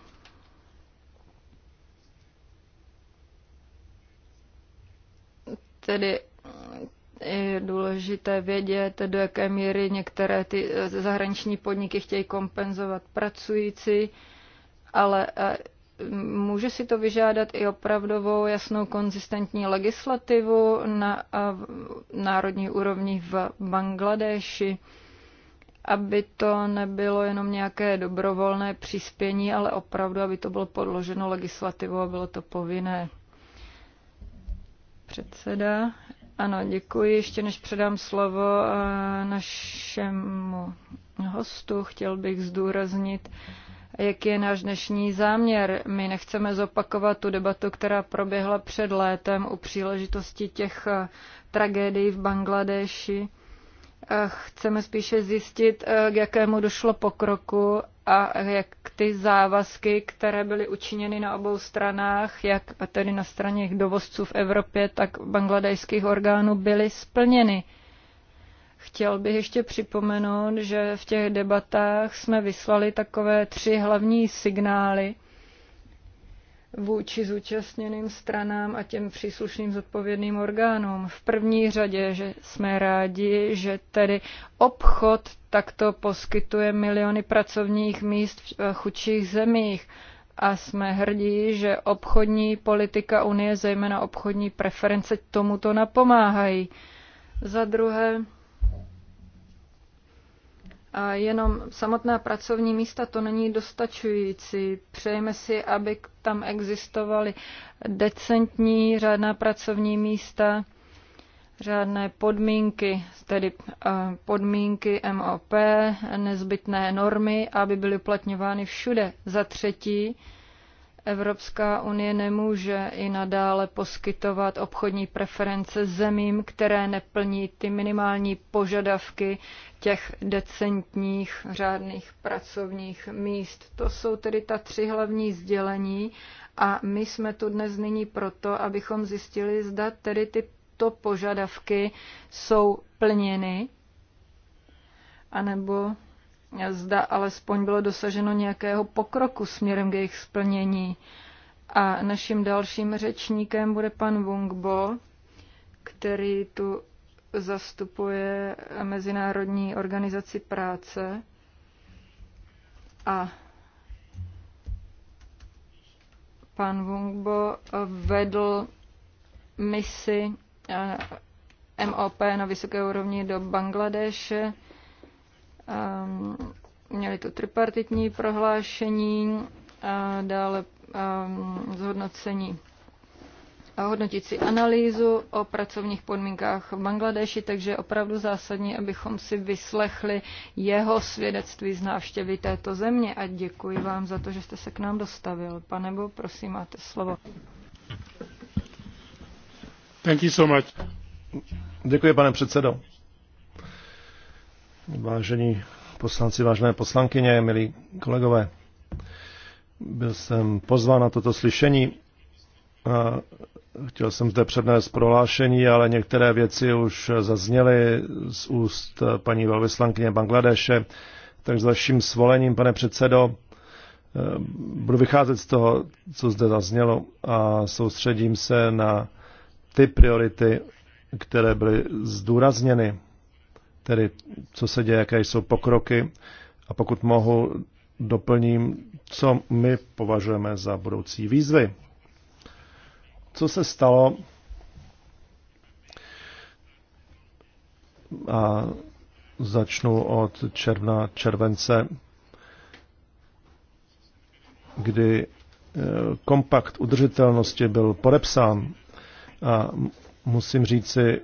S2: tedy je důležité vědět, do jaké míry některé ty eh, zahraniční podniky chtějí kompenzovat pracující, ale eh, může si to vyžádat i opravdovou jasnou konzistentní legislativu na národní úrovni v Bangladeši, aby to nebylo jenom nějaké dobrovolné přispění, ale opravdu, aby to bylo podloženo legislativou a bylo to povinné. Předseda, ano, děkuji. Ještě než předám slovo eh, našemu hostu, chtěl bych zdůraznit, jaký je náš dnešní záměr. My nechceme zopakovat tu debatu, která proběhla před létem u příležitosti těch eh, tragédií v Bangladeši. Chceme spíše zjistit, e, k jakému došlo pokroku a jak ty závazky, které byly učiněny na obou stranách, jak a tedy na straně dovozců v Evropě, tak bangladejských orgánů, byly splněny. Chtěl bych ještě připomenout, že v těch debatách jsme vyslali takové tři hlavní signály – vůči zúčastněným stranám a těm příslušným zodpovědným orgánům. V první řadě, že jsme rádi, že tedy obchod takto poskytuje miliony pracovních míst v eh, chudších zemích a jsme hrdí, že obchodní politika Unie, zejména obchodní preference, tomuto napomáhají. Za druhé, jenom samotná pracovní místa to není dostačující. Přejeme si, aby tam existovaly decentní řádná pracovní místa, řádné podmínky, tedy podmínky MOP, nezbytné normy, aby byly uplatňovány všude. Za třetí, Evropská unie nemůže i nadále poskytovat obchodní preference zemím, které neplní ty minimální požadavky těch decentních řádných pracovních míst. To jsou tedy ta tři hlavní sdělení a my jsme tu dnes nyní proto, abychom zjistili, zda tedy tyto požadavky jsou plněny, anebo zda alespoň bylo dosaženo nějakého pokroku směrem k jejich splnění. A naším dalším řečníkem bude pan Wungbo, který tu zastupuje Mezinárodní organizaci práce a pan Wungbo vedl misi eh, MOP na vysoké úrovni do Bangladeše Ehm, měli to tripartitní prohlášení, dále ehm, zhodnocení hodnotící analýzu o pracovních podmínkách v Bangladeši, takže je opravdu zásadní, abychom si vyslechli jeho svědectví z návštěvy této země a děkuji vám za to, že jste se k nám dostavil. Pane Bo, prosím, máte slovo.
S1: Thank you so much. Děkuji, pane předsedo. Vážení poslanci, vážené poslankyně, milí kolegové, byl jsem pozván na toto slyšení a chtěl jsem zde přednést prohlášení, ale některé věci už zazněly z úst paní velvyslankyně Bangladeše, tak s vaším svolením, pane předsedo, budu vycházet z toho, co zde zaznělo a soustředím se na ty priority, které byly zdůrazněny tedy co se děje, jaké jsou pokroky a pokud mohu, doplním, co my považujeme za budoucí výzvy. Co se stalo a začnu od června, července, kdy eh, kompakt udržitelnosti byl podepsán. A musím říci,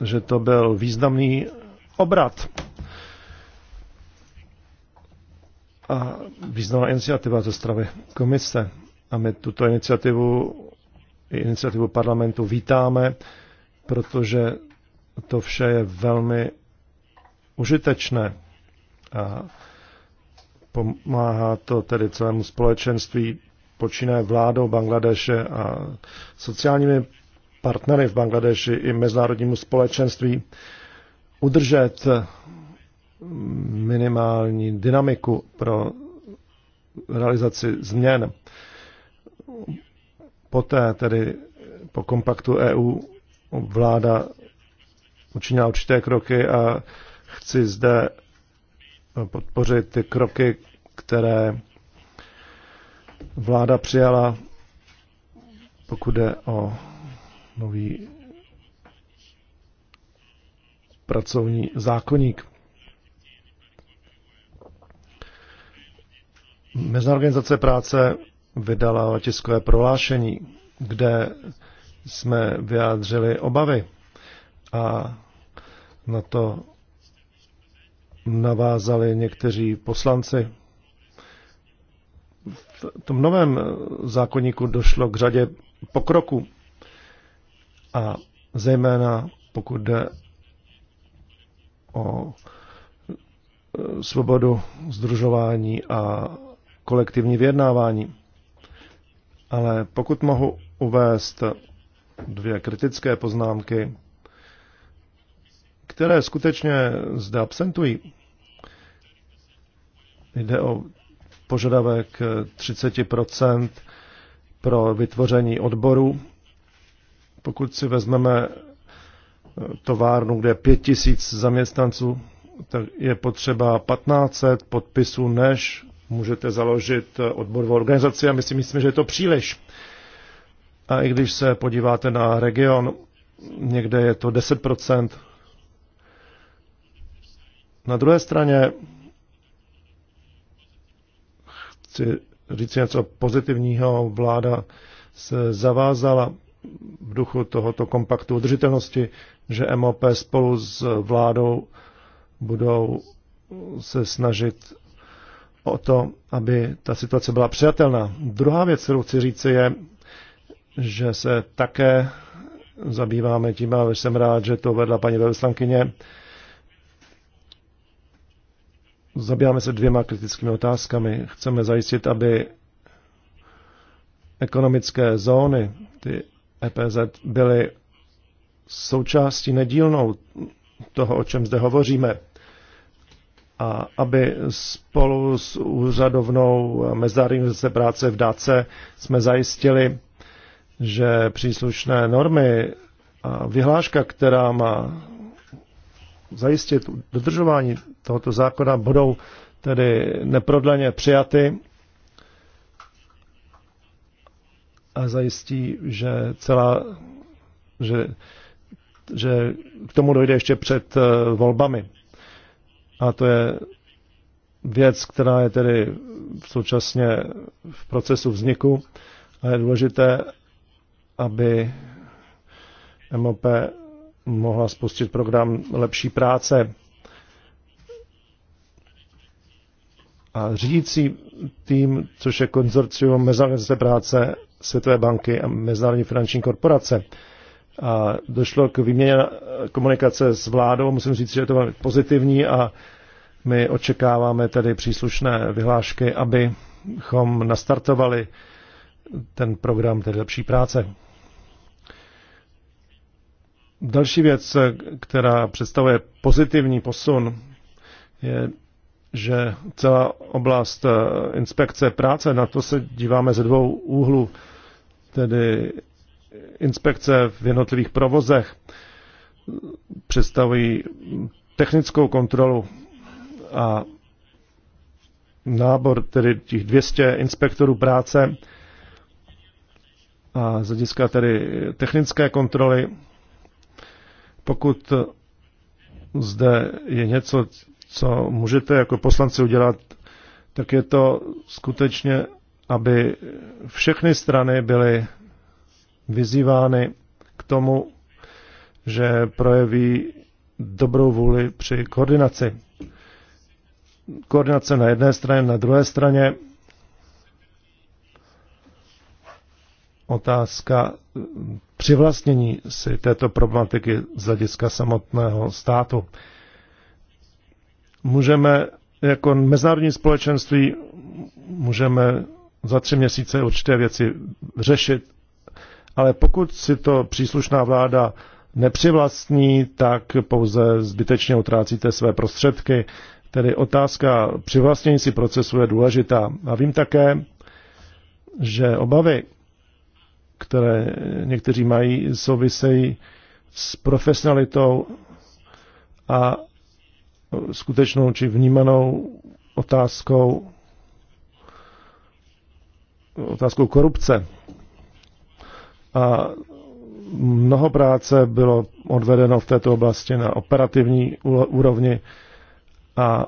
S1: že to byl významný obrat a významná iniciativa ze strany komise. A my tuto iniciativu, iniciativu parlamentu vítáme, protože to vše je velmi užitečné a pomáhá to tedy celému společenství, počínaje vládou Bangladeše a sociálními partnery v Bangladeši i mezinárodnímu společenství udržet minimální dynamiku pro realizaci změn. Poté tedy po kompaktu EU vláda učinila určité kroky a chci zde podpořit ty kroky, které vláda přijala, pokud jde o nový pracovní zákoník. Mezinárodní organizace práce vydala tiskové prohlášení, kde jsme vyjádřili obavy a na to navázali někteří poslanci. V tom novém zákonníku došlo k řadě pokroku a zejména pokud jde o e, svobodu združování a kolektivní vyjednávání. Ale pokud mohu uvést dvě kritické poznámky, které skutečně zde absentují. Jde o požadavek 30 pro vytvoření odboru pokud si vezmeme eh, továrnu, kde je 5000 zaměstnanců, tak je potřeba 1500 podpisů, než můžete založit eh, odborovou organizaci a my si myslíme, že je to příliš. A i když se podíváte na region, někde je to 10%. Na druhé straně chci říct něco pozitivního. Vláda se zavázala v duchu tohoto kompaktu udržitelnosti, že MOP spolu s vládou budou se snažit o to, aby ta situace byla přijatelná. Druhá věc, kterou chci říci, je, že se také zabýváme tím, a jsem rád, že to vedla paní velvyslankyně. Zabýváme se dvěma kritickými otázkami. Chceme zajistit, aby ekonomické zóny, ty EPZ byly součástí nedílnou toho, o čem zde hovoříme. A aby spolu s úřadovnou mezinárodní se práce v dáce jsme zajistili, že příslušné normy a vyhláška, která má zajistit dodržování tohoto zákona, budou tedy neprodleně přijaty a zajistí, že celá, že, že k tomu dojde ještě před eh, volbami. A to je věc, která je tedy současně v procesu vzniku a je důležité, aby MOP mohla spustit program lepší práce. A řídící tým, což je konzorcium Mezinárodní práce Světové banky a Mezinárodní finanční korporace. A došlo k výměně komunikace s vládou, musím říct, že je to velmi pozitivní a my očekáváme tedy příslušné vyhlášky, abychom nastartovali ten program tedy lepší práce. Další věc, která představuje pozitivní posun, je, že celá oblast eh, inspekce práce, na to se díváme ze dvou úhlů tedy inspekce v jednotlivých provozech představují technickou kontrolu a nábor tedy těch 200 inspektorů práce a z hlediska tedy technické kontroly, pokud zde je něco, co můžete jako poslanci udělat, tak je to skutečně aby všechny strany byly vyzývány k tomu, že projeví dobrou vůli při koordinaci. Koordinace na jedné straně, na druhé straně otázka přivlastnění si této problematiky z hlediska samotného státu. Můžeme jako mezinárodní společenství můžeme za tři měsíce určité věci řešit. Ale pokud si to příslušná vláda nepřivlastní, tak pouze zbytečně utrácíte své prostředky. Tedy otázka přivlastnění si procesu je důležitá. A vím také, že obavy, které někteří mají, souvisejí s profesionalitou a skutečnou či vnímanou otázkou otázkou korupce. A mnoho práce bylo odvedeno v této oblasti na operativní úrovni a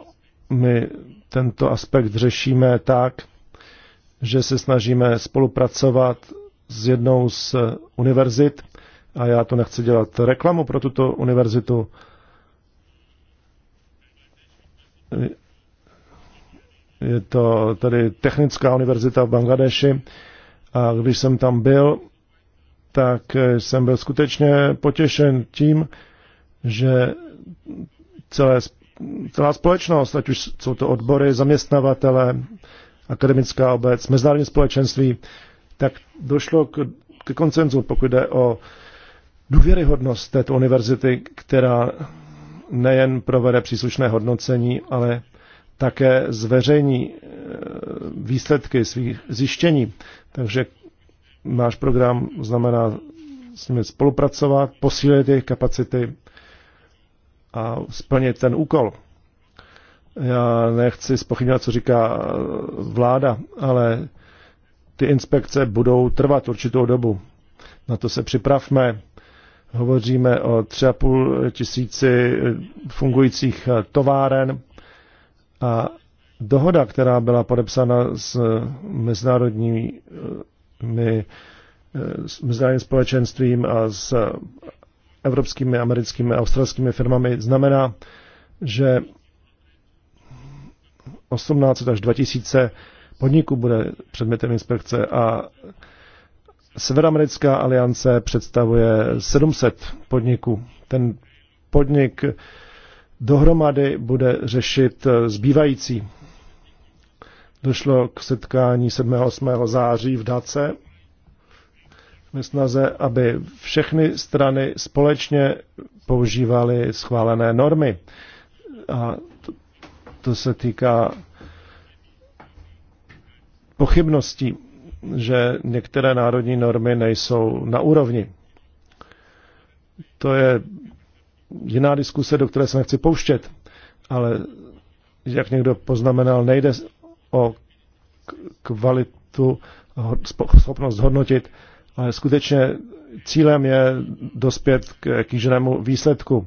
S1: my tento aspekt řešíme tak, že se snažíme spolupracovat s jednou z univerzit, a já to nechci dělat reklamu pro tuto univerzitu, je to tedy Technická univerzita v Bangladeši. A když jsem tam byl, tak jsem byl skutečně potěšen tím, že celé, celá společnost, ať už jsou to odbory, zaměstnavatele, akademická obec, mezinárodní společenství, tak došlo k, k koncenzu, pokud jde o důvěryhodnost této univerzity, která nejen provede příslušné hodnocení, ale také zveřejní eh, výsledky svých zjištění. Takže náš program znamená s nimi spolupracovat, posílit jejich kapacity a splnit ten úkol. Já nechci spochybňovat, co říká eh, vláda, ale ty inspekce budou trvat určitou dobu. Na to se připravme. Hovoříme o 3,5 tisíci eh, fungujících továren, a dohoda, která byla podepsána s eh, mezinárodními eh, s mezinárodním společenstvím a s eh, evropskými, americkými, australskými firmami, znamená, že 18 až 2000 podniků bude předmětem inspekce a Severoamerická aliance představuje 700 podniků. Ten podnik dohromady bude řešit eh, zbývající. Došlo k setkání 7. 8. září v Dace ve snaze, aby všechny strany společně používaly schválené normy. A to, to se týká pochybností, že některé národní normy nejsou na úrovni. To je jiná diskuse, do které se nechci pouštět, ale jak někdo poznamenal, nejde o kvalitu, schopnost hodnotit, ale skutečně cílem je dospět k kýženému výsledku.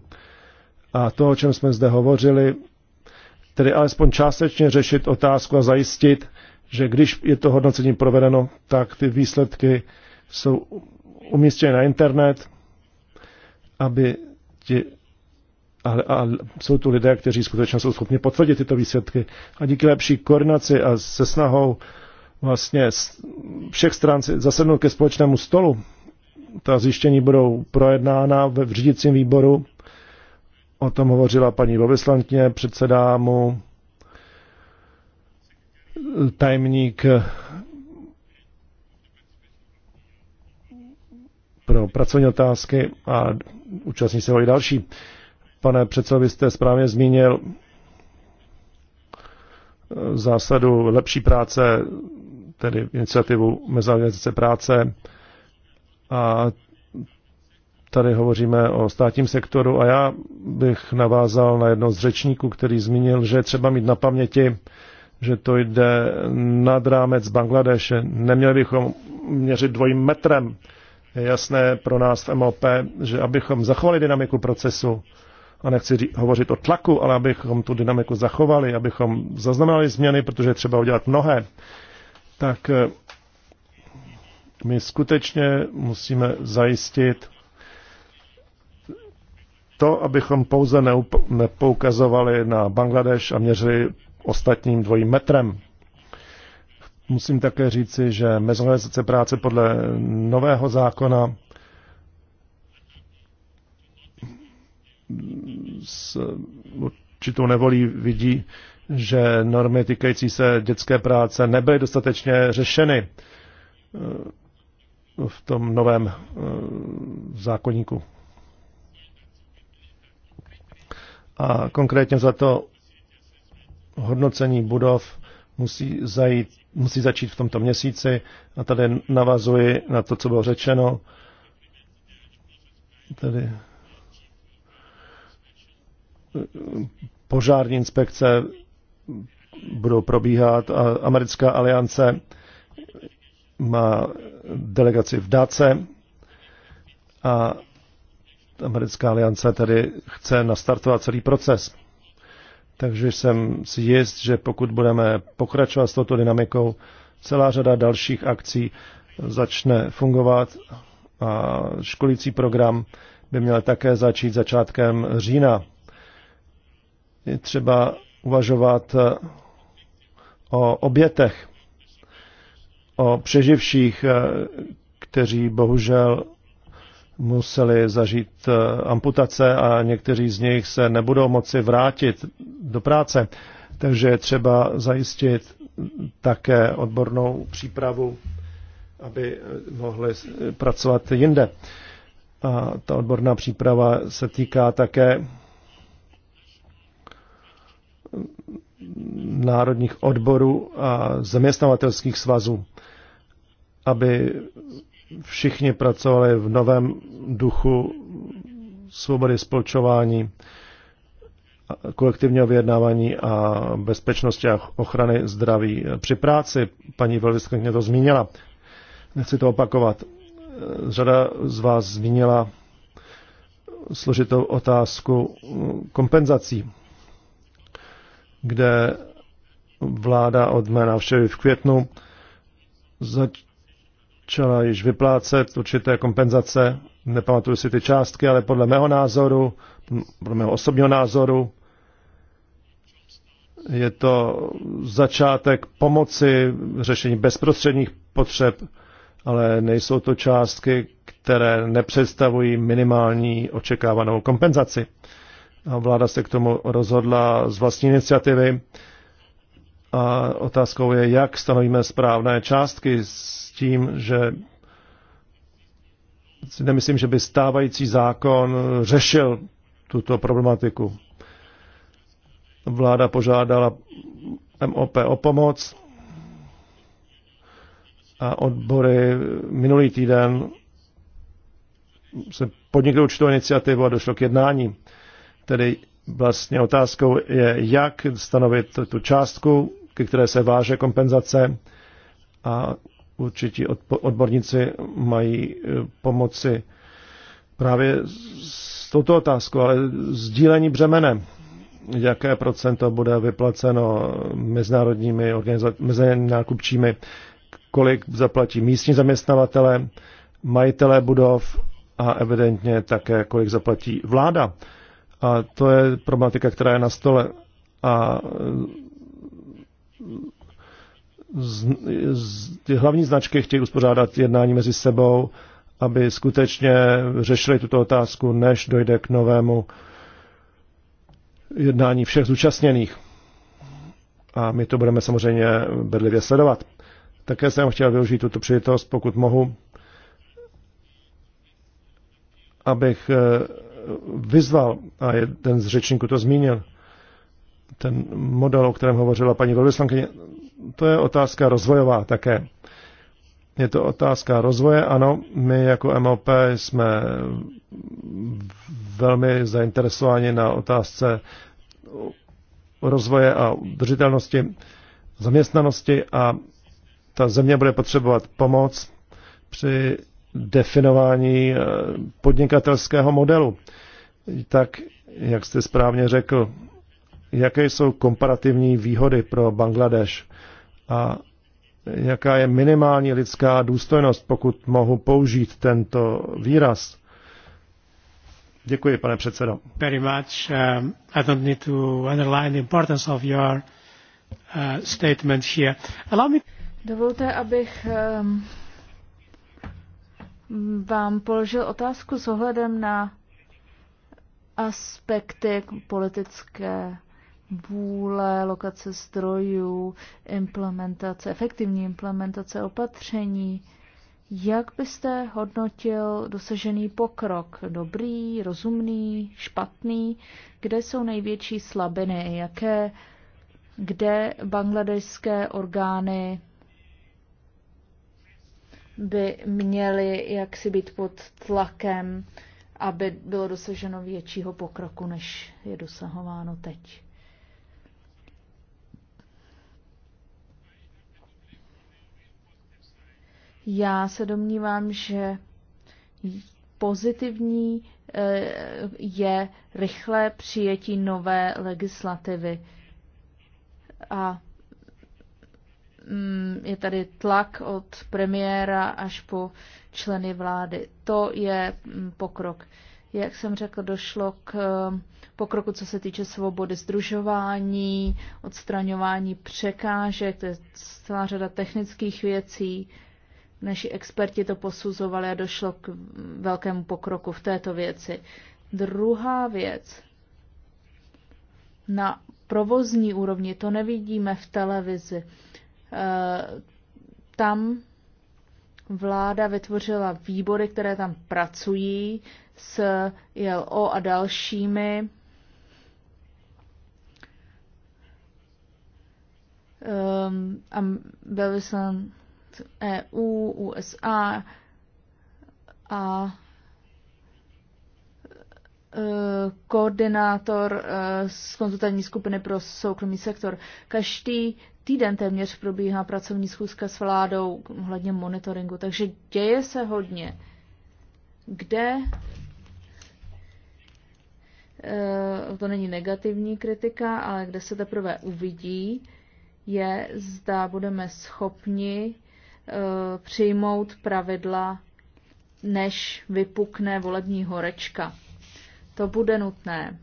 S1: A to, o čem jsme zde hovořili, tedy alespoň částečně řešit otázku a zajistit, že když je to hodnocení provedeno, tak ty výsledky jsou umístěny na internet, aby oblasti a, a jsou tu lidé, kteří skutečně jsou schopni potvrdit tyto výsledky. A díky lepší koordinaci a se snahou vlastně všech stran zasednout ke společnému stolu, ta zjištění budou projednána ve řídicím výboru. O tom hovořila paní Vovislantně, předsedámu. tajemník pro pracovní otázky a účastní se ho i další. Pane předsedo, vy jste správně zmínil zásadu lepší práce, tedy iniciativu mezinárodní práce. A tady hovoříme o státním sektoru a já bych navázal na jedno z řečníků, který zmínil, že třeba mít na paměti, že to jde nad rámec Bangladeše. Neměli bychom měřit dvojím metrem je jasné pro nás v MOP, že abychom zachovali dynamiku procesu, a nechci hovořit o tlaku, ale abychom tu dynamiku zachovali, abychom zaznamenali změny, protože je třeba udělat mnohé, tak eh, my skutečně musíme zajistit to, abychom pouze nepoukazovali na Bangladeš a měřili ostatním dvojím metrem. Musím také říci, že Mezinárodní práce podle nového zákona s určitou nevolí vidí, že normy týkající se dětské práce nebyly dostatečně řešeny v tom novém eh, zákonníku. A konkrétně za to hodnocení budov musí, zajít, musí začít v tomto měsíci. A tady navazuji na to, co bylo řečeno. Tady požární inspekce budou probíhat a americká aliance má delegaci v Dáce a americká aliance tedy chce nastartovat celý proces. Takže jsem si jist, že pokud budeme pokračovat s touto dynamikou, celá řada dalších akcí začne fungovat a školící program by měl také začít začátkem října. Je třeba uvažovat eh, o obětech, o přeživších, eh, kteří bohužel museli zažít eh, amputace a někteří z nich se nebudou moci vrátit do práce. Takže je třeba zajistit také odbornou přípravu, aby eh, mohli eh, pracovat jinde. A ta odborná příprava se týká také mm, národních odborů a zaměstnavatelských svazů, aby všichni pracovali v novém duchu svobody spolčování, kolektivního vyjednávání a bezpečnosti a ochrany zdraví při práci. Paní velvyslankyně to zmínila. Nechci to opakovat. Řada z vás zmínila složitou otázku kompenzací, kde vláda od mé návštěvy v květnu začala již vyplácet určité kompenzace, nepamatuju si ty částky, ale podle mého názoru, podle mého osobního názoru, je to začátek pomoci řešení bezprostředních potřeb, ale nejsou to částky, které nepředstavují minimální očekávanou kompenzaci. A vláda se k tomu rozhodla z vlastní iniciativy a otázkou je, jak stanovíme správné částky s tím, že si nemyslím, že by stávající zákon řešil tuto problematiku. Vláda požádala MOP o pomoc a odbory minulý týden se podnikly určitou iniciativu a došlo k jednání. Tedy vlastně otázkou je, jak stanovit tu částku, ke které se váže kompenzace a určití odborníci mají e, pomoci právě s touto otázkou, ale sdílení břemene, jaké procento bude vyplaceno mezinárodními mezinárodními nákupčími, kolik zaplatí místní zaměstnavatele, majitelé budov a evidentně také, kolik zaplatí vláda. A to je problematika, která je na stole. A z, z, ty hlavní značky chtějí uspořádat jednání mezi sebou, aby skutečně řešili tuto otázku, než dojde k novému jednání všech zúčastněných. A my to budeme samozřejmě bedlivě sledovat. Také jsem chtěl využít tuto příležitost, pokud mohu, abych eh, vyzval, a jeden z řečníků to zmínil, ten model, o kterém hovořila paní velvyslankyně, to je otázka rozvojová také. Je to otázka rozvoje, ano, my jako MOP jsme velmi zainteresováni na otázce rozvoje a udržitelnosti zaměstnanosti a ta země bude potřebovat pomoc při definování eh, podnikatelského modelu. Tak, jak jste správně řekl, jaké jsou komparativní výhody pro Bangladeš a jaká je minimální lidská důstojnost, pokud mohu použít tento výraz. Děkuji, pane předsedo. Very much. Um, I don't need to underline the importance of your uh, statement here. Allow me...
S3: Dovolte, abych um, vám položil otázku s ohledem na aspekty politické vůle, lokace zdrojů, implementace, efektivní implementace opatření. Jak byste hodnotil dosažený pokrok? Dobrý, rozumný, špatný? Kde jsou největší slabiny? Jaké, kde Bangladeské orgány by měly jaksi být pod tlakem, aby bylo dosaženo většího pokroku, než je dosahováno teď? Já se domnívám, že pozitivní eh, je rychlé přijetí nové legislativy. A mm, je tady tlak od premiéra až po členy vlády. To je mm, pokrok. Jak jsem řekl, došlo k eh, pokroku, co se týče svobody združování, odstraňování překážek, to je celá řada technických věcí Naši experti to posuzovali a došlo k velkému pokroku v této věci. Druhá věc. Na provozní úrovni to nevidíme v televizi. E, tam vláda vytvořila výbory, které tam pracují s ILO a dalšími. Um, a byl jsem EU, USA a e, koordinátor e, z konzultační skupiny pro soukromý sektor. Každý týden téměř probíhá pracovní schůzka s vládou ohledně monitoringu, takže děje se hodně. Kde e, to není negativní kritika, ale kde se teprve uvidí, je, zda budeme schopni Eh, přijmout pravidla, než vypukne volební horečka. To bude nutné,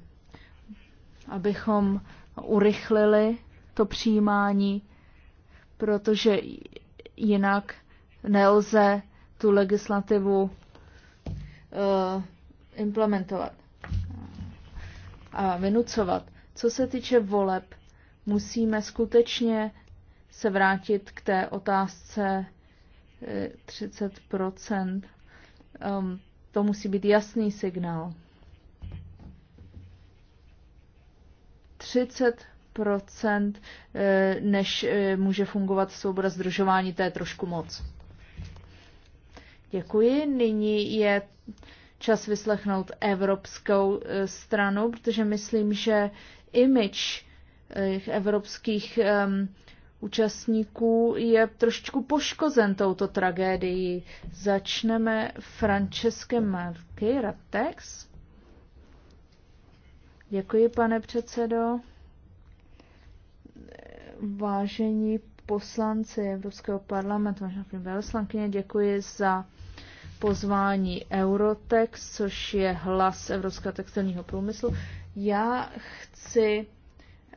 S3: abychom urychlili to přijímání, protože jinak nelze tu legislativu eh, implementovat a vynucovat. Co se týče voleb, musíme skutečně se vrátit k té otázce 30 um, To musí být jasný signál. 30 eh, než eh, může fungovat svoboda združování, to je trošku moc. Děkuji. Nyní je čas vyslechnout evropskou eh, stranu, protože myslím, že image evropských účastníků je trošičku poškozen touto tragédií. Začneme Franceskem Marky, Raptex. Děkuji, pane předsedo. Vážení poslanci Evropského parlamentu, vážená paní veleslankyně, děkuji za pozvání Eurotex, což je hlas Evropského textilního průmyslu. Já chci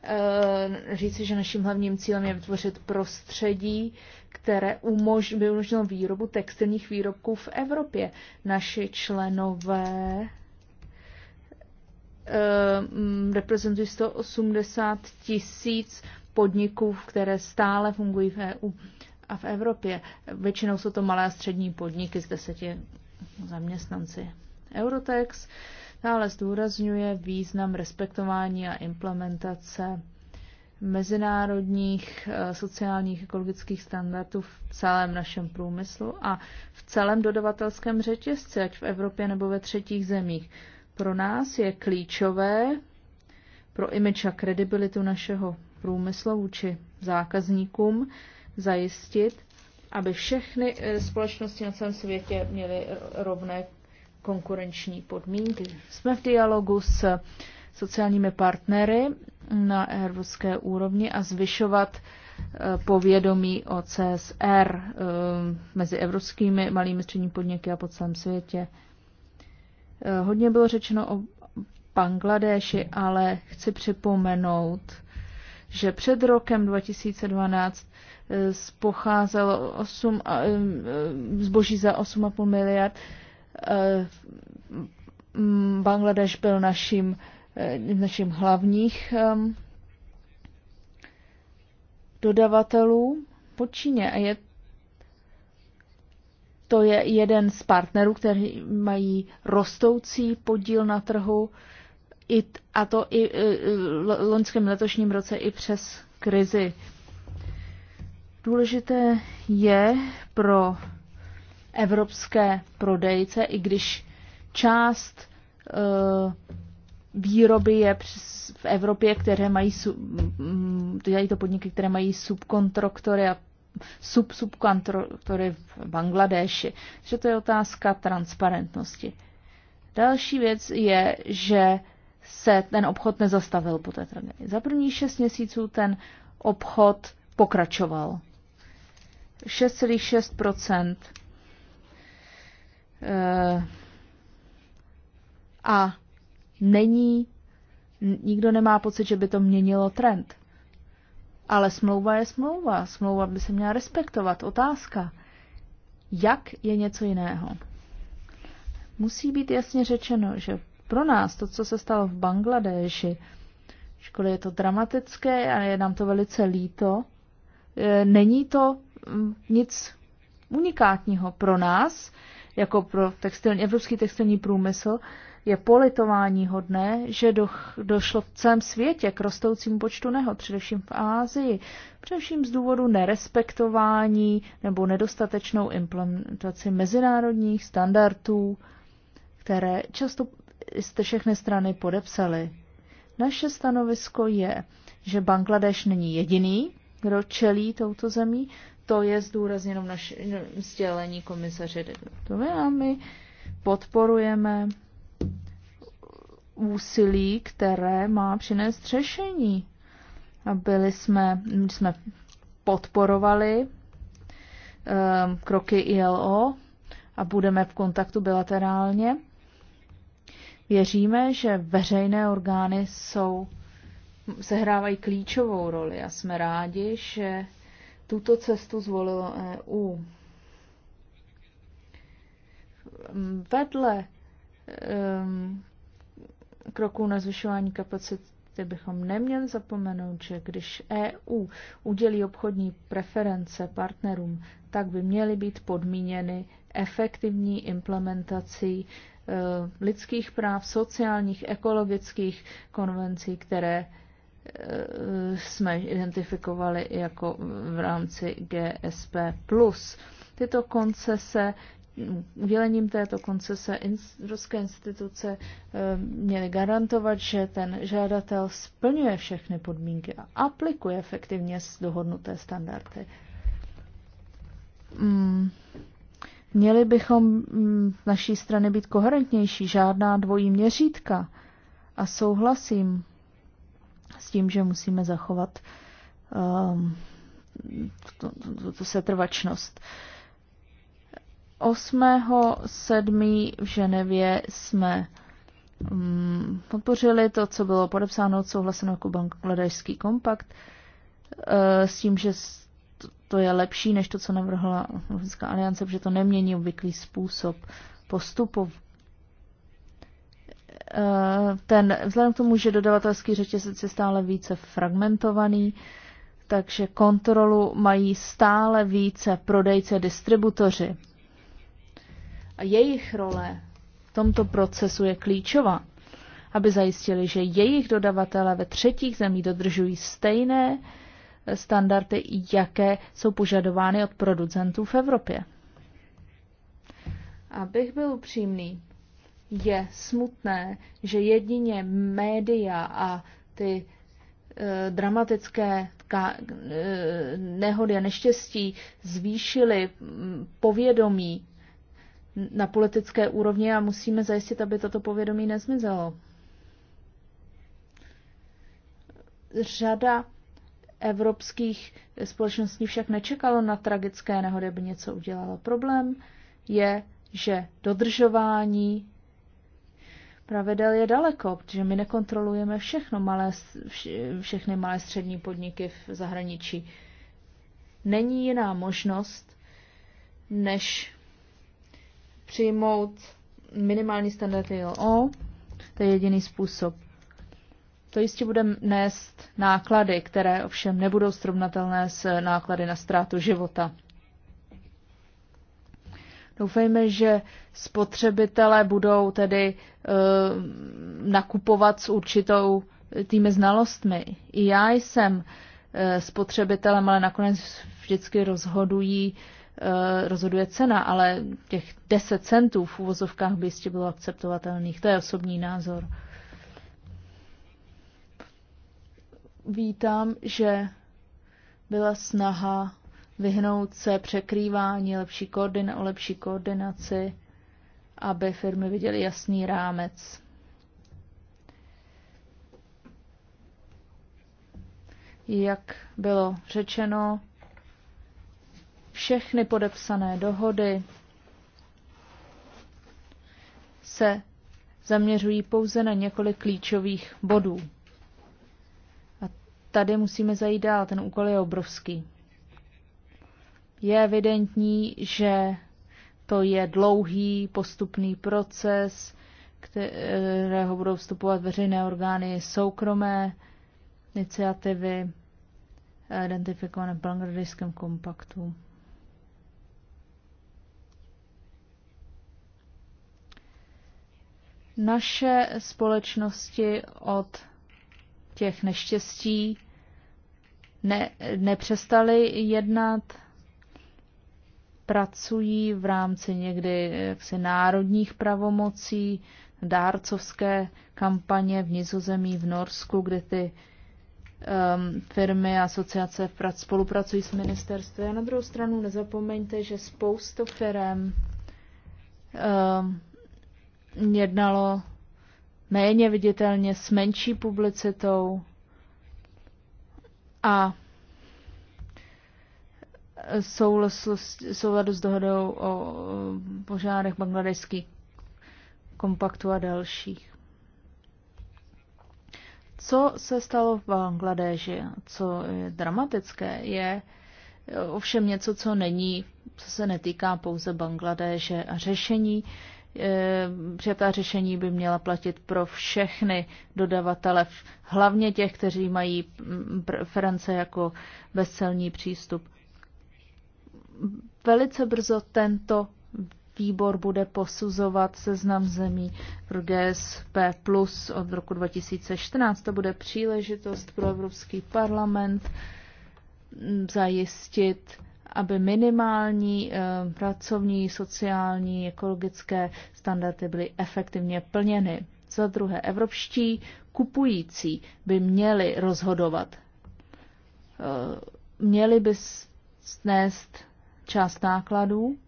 S3: Eh, říci, že naším hlavním cílem je vytvořit prostředí, které umož, by umožnilo výrobu textilních výrobků v Evropě. Naši členové eh, reprezentují 180 tisíc podniků, které stále fungují v EU a v Evropě. Většinou jsou to malé a střední podniky s deseti zaměstnanci. Eurotex Dále zdůrazňuje význam respektování a implementace mezinárodních eh, sociálních ekologických standardů v celém našem průmyslu a v celém dodavatelském řetězci, ať v Evropě nebo ve třetích zemích. Pro nás je klíčové pro image a kredibilitu našeho průmyslu vůči zákazníkům zajistit, aby všechny eh, společnosti na celém světě měly rovné konkurenční podmínky. Jsme v dialogu s sociálními partnery na evropské úrovni a zvyšovat eh, povědomí o CSR eh, mezi evropskými malými střední podniky a po celém světě. Eh, hodně bylo řečeno o Bangladeši, ale chci připomenout, že před rokem 2012 pocházelo 8, zboží za 8,5 miliard Eh, Bangladeš byl naším, eh, naším hlavních dodavatelů po Číně a je to je jeden z partnerů, kteří mají rostoucí podíl na trhu i, a to i v eh, loňském letošním roce i přes krizi. Důležité je pro evropské prodejce, i když část eh, výroby je v Evropě, které mají, mm, dělají to podniky, které mají subkontraktory a sub-subkontraktory v Bangladeši. Takže to je otázka transparentnosti. Další věc je, že se ten obchod nezastavil po té tragédii. Za první šest měsíců ten obchod pokračoval. Eh, a není, nikdo nemá pocit, že by to měnilo trend. Ale smlouva je smlouva. Smlouva by se měla respektovat. Otázka, jak je něco jiného. Musí být jasně řečeno, že pro nás to, co se stalo v Bangladeši, školy je to dramatické a je nám to velice líto, eh, není to hm, nic unikátního pro nás jako pro textilní, evropský textilní průmysl, je politování hodné, že do, došlo v celém světě k rostoucímu počtu nehod, především v Ázii, především z důvodu nerespektování nebo nedostatečnou implementaci mezinárodních standardů, které často jste všechny strany podepsaly. Naše stanovisko je, že Bangladeš není jediný, kdo čelí touto zemí, to je zdůrazněno v našem no, sdělení komisaře Dedotové a my podporujeme úsilí, které má přinést řešení. A byli jsme, jsme podporovali um, kroky ILO a budeme v kontaktu bilaterálně. Věříme, že veřejné orgány jsou, sehrávají klíčovou roli a jsme rádi, že tuto cestu zvolilo EU. Vedle um, ehm, kroků na zvyšování kapacity bychom neměli zapomenout, že když EU udělí obchodní preference partnerům, tak by měly být podmíněny efektivní implementací eh, lidských práv, sociálních, ekologických konvencí, které Eh, jsme identifikovali jako v rámci GSP+. Tyto koncese, udělením této koncese ruské instituce eh, měly garantovat, že ten žádatel splňuje všechny podmínky a aplikuje efektivně dohodnuté standardy. Mm, měli bychom mm, z naší strany být koherentnější, žádná dvojí měřítka. A souhlasím s tím, že musíme zachovat um, tu, tu, setrvačnost. 8.7. v Ženevě jsme um, podpořili to, co bylo podepsáno, odsouhlaseno jako bangladešský kompakt, uh, s tím, že to je lepší než to, co navrhla Evropská aliance, protože to nemění obvyklý způsob postupu Eh, ten, vzhledem k tomu, že dodavatelský řetězec je stále více fragmentovaný, takže kontrolu mají stále více prodejce distributoři. A jejich role v tomto procesu je klíčová, aby zajistili, že jejich dodavatele ve třetích zemích dodržují stejné standardy, jaké jsou požadovány od producentů v Evropě. Abych byl upřímný, je smutné, že jedině média a ty e, dramatické tka, e, nehody a neštěstí zvýšily povědomí na politické úrovni a musíme zajistit, aby toto povědomí nezmizelo. Řada evropských společností však nečekalo na tragické nehody, aby něco udělalo. Problém je, že dodržování pravidel je daleko, protože my nekontrolujeme všechno malé, všechny malé střední podniky v zahraničí. Není jiná možnost, než přijmout minimální standardy LO. To je jediný způsob. To jistě bude nést náklady, které ovšem nebudou srovnatelné s náklady na ztrátu života. Doufejme, že spotřebitelé budou tedy eh, nakupovat s určitou tými znalostmi. I já jsem eh, spotřebitelem, ale nakonec vždycky rozhodují, eh, rozhoduje cena, ale těch 10 centů v uvozovkách by jistě bylo akceptovatelných. To je osobní názor. Vítám, že byla snaha vyhnout se překrývání, lepší koordina, o lepší koordinaci, aby firmy viděly jasný rámec. Jak bylo řečeno, všechny podepsané dohody se zaměřují pouze na několik klíčových bodů. A tady musíme zajít dál, ten úkol je obrovský. Je evidentní, že to je dlouhý postupný proces, kterého budou vstupovat veřejné orgány, soukromé iniciativy identifikované v kompaktu. Naše společnosti od těch neštěstí ne, nepřestaly jednat pracují v rámci někdy jaksi národních pravomocí, dárcovské kampaně v Nizozemí, v Norsku, kde ty um, firmy a asociace spolupracují s ministerstvem. A na druhou stranu nezapomeňte, že spoustu firm um, jednalo méně viditelně s menší publicitou a souladu s dohodou o požárech bangladeských kompaktu a dalších. Co se stalo v Bangladeži, co je dramatické, je ovšem něco, co není, co se netýká pouze Bangladeže a řešení, že ta řešení by měla platit pro všechny dodavatele, hlavně těch, kteří mají preference jako bezcelní přístup velice brzo tento výbor bude posuzovat seznam zemí pro GSP Plus od roku 2014. To bude příležitost pro Evropský parlament zajistit, aby minimální eh, pracovní, sociální, ekologické standardy byly efektivně plněny. Za druhé, evropští kupující by měli rozhodovat. Eh, měli by snést část nákladů,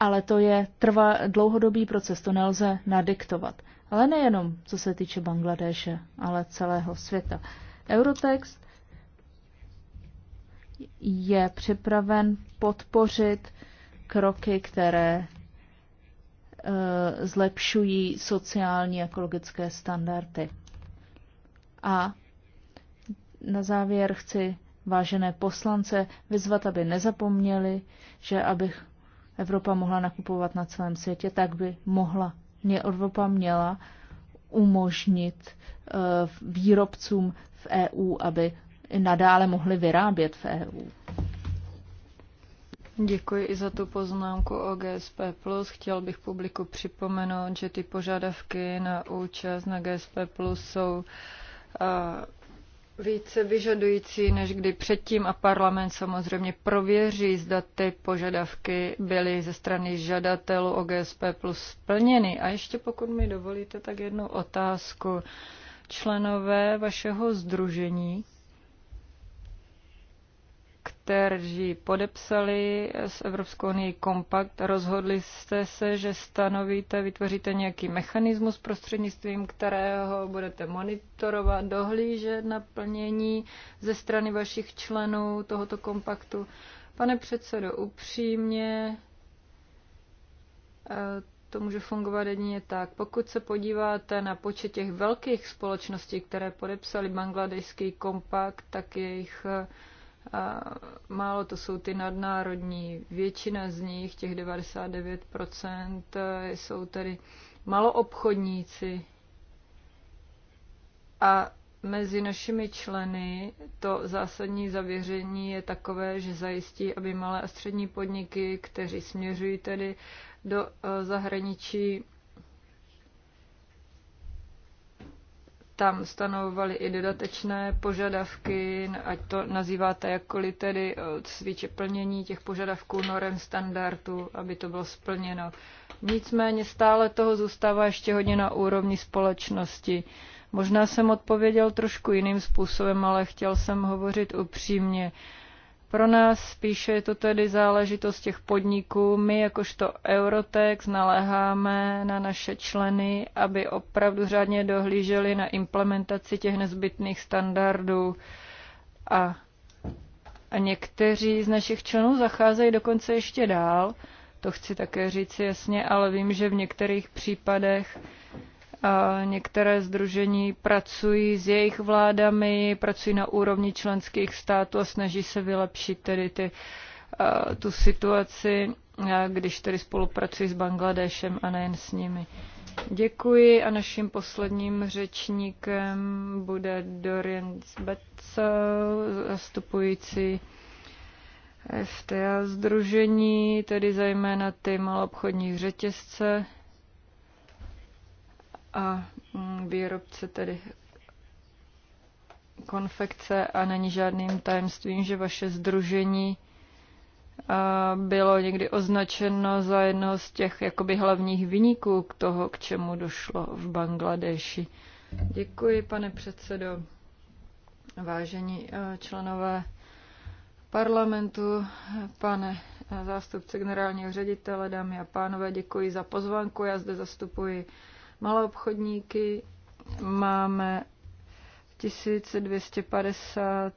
S3: ale to je trvá, dlouhodobý proces, to nelze nadiktovat. Ale nejenom co se týče Bangladéše, ale celého světa. Eurotext je připraven podpořit kroky, které eh, zlepšují sociální a ekologické standardy. A na závěr chci vážené poslance vyzvat, aby nezapomněli, že aby Evropa mohla nakupovat na celém světě, tak by mohla, mě Evropa měla umožnit eh, výrobcům v EU, aby nadále mohli vyrábět v EU.
S2: Děkuji i za tu poznámku o GSP+. Chtěl bych publiku připomenout, že ty požadavky na účast na GSP+, jsou eh, více vyžadující než kdy předtím a parlament samozřejmě prověří, zda ty požadavky byly ze strany žadatelů o GSP plus splněny. A ještě pokud mi dovolíte, tak jednu otázku. Členové vašeho združení kteří podepsali s Evropskou unii kompakt, rozhodli jste se, že stanovíte, vytvoříte nějaký mechanismus prostřednictvím, kterého budete monitorovat, dohlížet na plnění ze strany vašich členů tohoto kompaktu. Pane předsedo, upřímně, eh, to může fungovat jedině tak. Pokud se podíváte na počet těch velkých společností, které podepsali bangladejský kompakt, tak jejich eh, a málo to jsou ty nadnárodní. Většina z nich, těch 99%, jsou tedy maloobchodníci. A mezi našimi členy to zásadní zavěření je takové, že zajistí, aby malé a střední podniky, kteří směřují tedy do eh, zahraničí, tam stanovovali i dodatečné požadavky, ať to nazýváte jakkoliv tedy, eh, svíče plnění těch požadavků norem standardu, aby to bylo splněno. Nicméně stále toho zůstává ještě hodně na úrovni společnosti. Možná jsem odpověděl trošku jiným způsobem, ale chtěl jsem hovořit upřímně. Uh, pro nás spíše je to tedy záležitost těch podniků. My jakožto Eurotex naléháme na naše členy, aby opravdu řádně dohlíželi na implementaci těch nezbytných standardů. A, a někteří z našich členů zacházejí dokonce ještě dál, to chci také říct jasně, ale vím, že v některých případech Některé združení pracují s jejich vládami, pracují na úrovni členských států a snaží se vylepšit tedy ty, tu situaci, když tedy spolupracují s Bangladešem a nejen s nimi. Děkuji a naším posledním řečníkem bude Dorian Zbecel, zastupující FTA združení, tedy zejména ty malobchodní řetězce a mm, výrobce tedy konfekce a není žádným tajemstvím, že vaše združení bylo někdy označeno za jednoho z těch jakoby hlavních vyníků k toho, k čemu došlo v Bangladeši. Děkuji, pane předsedo. Vážení členové parlamentu, pane zástupce generálního ředitele, dámy a pánové, děkuji za pozvánku. Já zde zastupuji malé obchodníky, máme 1250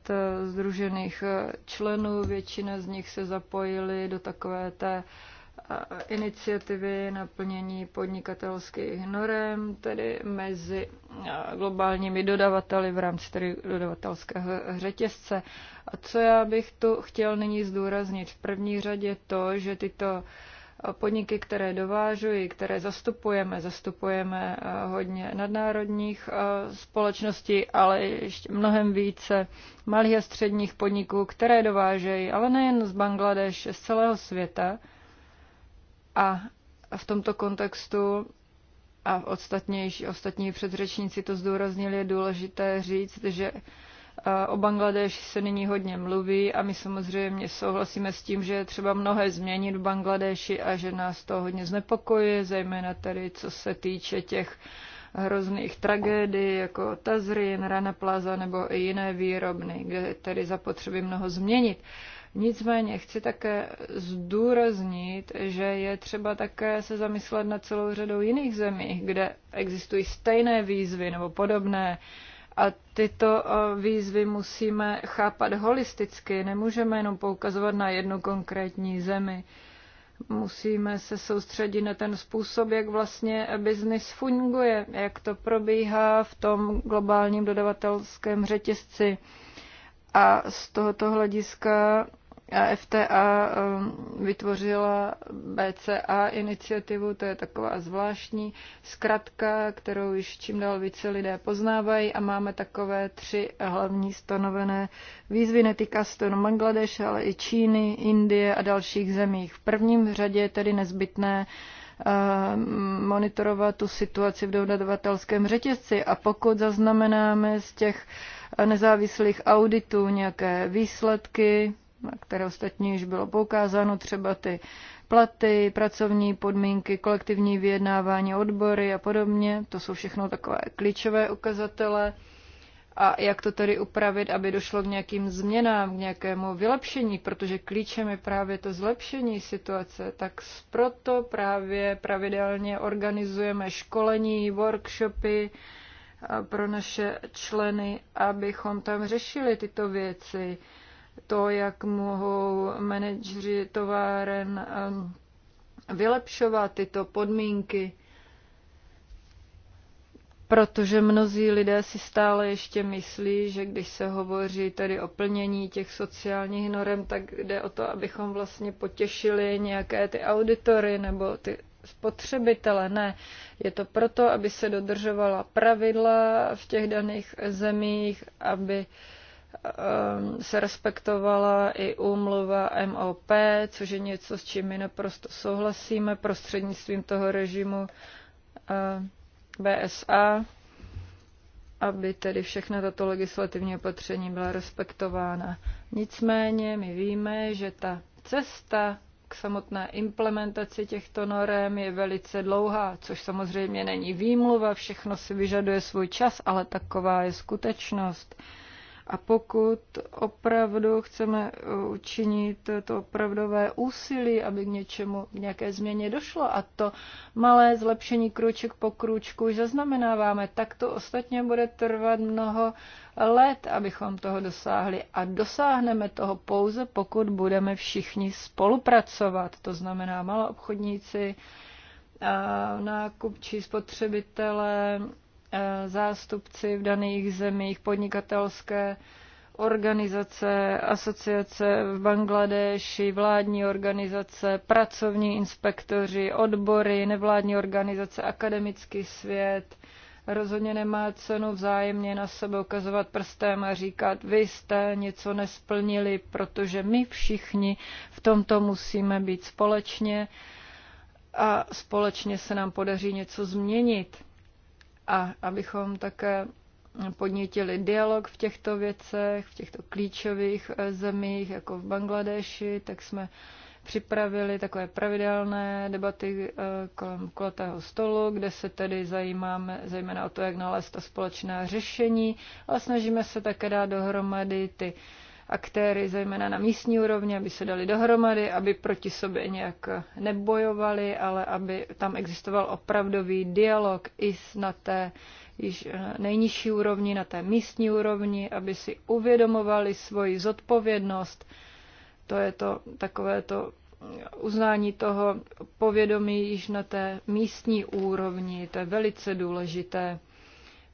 S2: združených členů, většina z nich se zapojili do takové té eh, iniciativy naplnění podnikatelských norem, tedy mezi eh, globálními dodavateli v rámci tedy dodavatelského řetězce. A co já bych tu chtěl nyní zdůraznit? V první řadě to, že tyto uh, podniky, které dovážují, které zastupujeme. Zastupujeme eh, hodně nadnárodních eh, společností, ale ještě mnohem více malých a středních podniků, které dovážejí, ale nejen z Bangladeš, z celého světa. A v tomto kontextu a ostatní, ostatní předřečníci to zdůraznili, je důležité říct, že O Bangladeši se nyní hodně mluví a my samozřejmě souhlasíme s tím, že je třeba mnohé změnit v Bangladeši a že nás to hodně znepokojuje, zejména tady, co se týče těch hrozných tragédií, jako Tazrin, Rana Plaza nebo i jiné výrobny, kde tedy zapotřebí mnoho změnit. Nicméně chci také zdůraznit, že je třeba také se zamyslet na celou řadou jiných zemí, kde existují stejné výzvy nebo podobné uh, a tyto eh, výzvy musíme chápat holisticky, nemůžeme jenom poukazovat na jednu konkrétní zemi. Musíme se soustředit na ten způsob, jak vlastně biznis funguje, jak to probíhá v tom globálním dodavatelském řetězci. A z tohoto hlediska FTA um, vytvořila BCA iniciativu, to je taková zvláštní zkratka, kterou již čím dál více lidé poznávají a máme takové tři hlavní stanovené výzvy. Netýká se to Bangladeš, ale i Číny, Indie a dalších zemích. V prvním řadě je tedy nezbytné um, monitorovat tu situaci v dodavatelském řetězci a pokud zaznamenáme z těch nezávislých auditů nějaké výsledky, na které ostatně již bylo poukázáno, třeba ty platy, pracovní podmínky, kolektivní vyjednávání, odbory a podobně. To jsou všechno takové klíčové ukazatele. A jak to tedy upravit, aby došlo k nějakým změnám, k nějakému vylepšení, protože klíčem je právě to zlepšení situace. Tak proto právě pravidelně organizujeme školení, workshopy, pro naše členy, abychom tam řešili tyto věci to, jak mohou manažři továren ehm, vylepšovat tyto podmínky, protože mnozí lidé si stále ještě myslí, že když se hovoří tady o plnění těch sociálních norem, tak jde o to, abychom vlastně potěšili nějaké ty auditory nebo ty spotřebitele. Ne, je to proto, aby se dodržovala pravidla v těch daných zemích, aby uh, Ehm, se respektovala i úmluva MOP, což je něco, s čím my naprosto souhlasíme prostřednictvím toho režimu ehm, BSA, aby tedy všechna tato legislativní opatření byla respektována. Nicméně my víme, že ta cesta k samotné implementaci těchto norem je velice dlouhá, což samozřejmě není výmluva, všechno si vyžaduje svůj čas, ale taková je skutečnost. A pokud opravdu chceme eh, učinit to opravdové úsilí, aby k něčemu, k nějaké změně došlo a to malé zlepšení krůček po krůčku už zaznamenáváme, tak to ostatně bude trvat mnoho let, abychom toho dosáhli. A dosáhneme toho pouze, pokud budeme všichni spolupracovat. To znamená malé obchodníci, nákupčí, spotřebitelé, Eh, zástupci v daných zemích, podnikatelské organizace, asociace v Bangladeši, vládní organizace, pracovní inspektoři, odbory, nevládní organizace, akademický svět. Rozhodně nemá cenu vzájemně na sebe ukazovat prstem a říkat, vy jste něco nesplnili, protože my všichni v tomto musíme být společně a společně se nám podaří něco změnit a abychom také podnítili dialog v těchto věcech, v těchto klíčových eh, zemích, jako v Bangladeši, tak jsme připravili takové pravidelné debaty eh, kolem kulatého stolu, kde se tedy zajímáme zejména o to, jak nalézt ta společná řešení, ale snažíme se také dát dohromady ty uh, aktéry, zejména na místní úrovni, aby se dali dohromady, aby proti sobě nějak nebojovali, ale aby tam existoval opravdový dialog i na té již eh, nejnižší úrovni, na té místní úrovni, aby si uvědomovali svoji zodpovědnost. To je to takové to eh, uznání toho povědomí již na té místní úrovni. To je velice důležité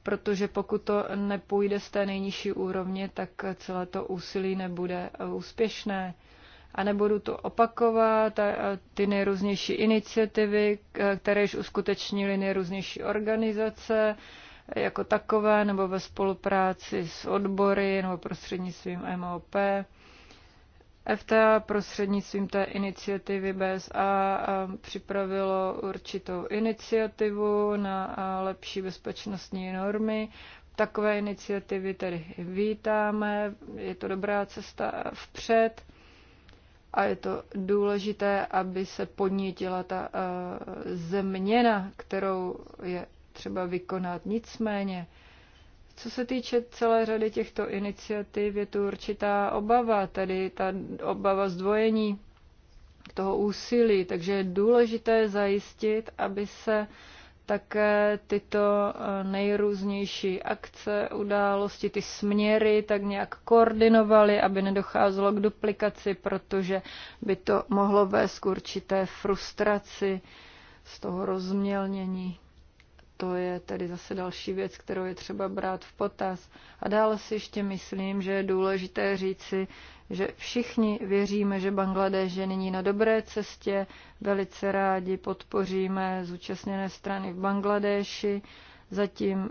S2: protože pokud to nepůjde z té nejnižší úrovně, tak celé to úsilí nebude eh, úspěšné. A nebudu to opakovat, eh, ty nejrůznější iniciativy, eh, které již uskutečnili nejrůznější organizace jako takové, nebo ve spolupráci s odbory, nebo prostřednictvím MOP, FTA prostřednictvím té iniciativy BSA připravilo určitou iniciativu na lepší bezpečnostní normy. Takové iniciativy tedy vítáme, je to dobrá cesta vpřed a je to důležité, aby se podnítila ta změna, kterou je třeba vykonat. Nicméně co se týče celé řady těchto iniciativ, je tu určitá obava, tedy ta obava zdvojení toho úsilí, takže je důležité zajistit, aby se také tyto eh, nejrůznější akce, události, ty směry tak nějak koordinovaly, aby nedocházelo k duplikaci, protože by to mohlo vést k určité frustraci z toho rozmělnění to je tedy zase další věc, kterou je třeba brát v potaz. A dále si ještě myslím, že je důležité říci, že všichni věříme, že Bangladeš je nyní na dobré cestě, velice rádi podpoříme zúčastněné strany v Bangladeši, zatím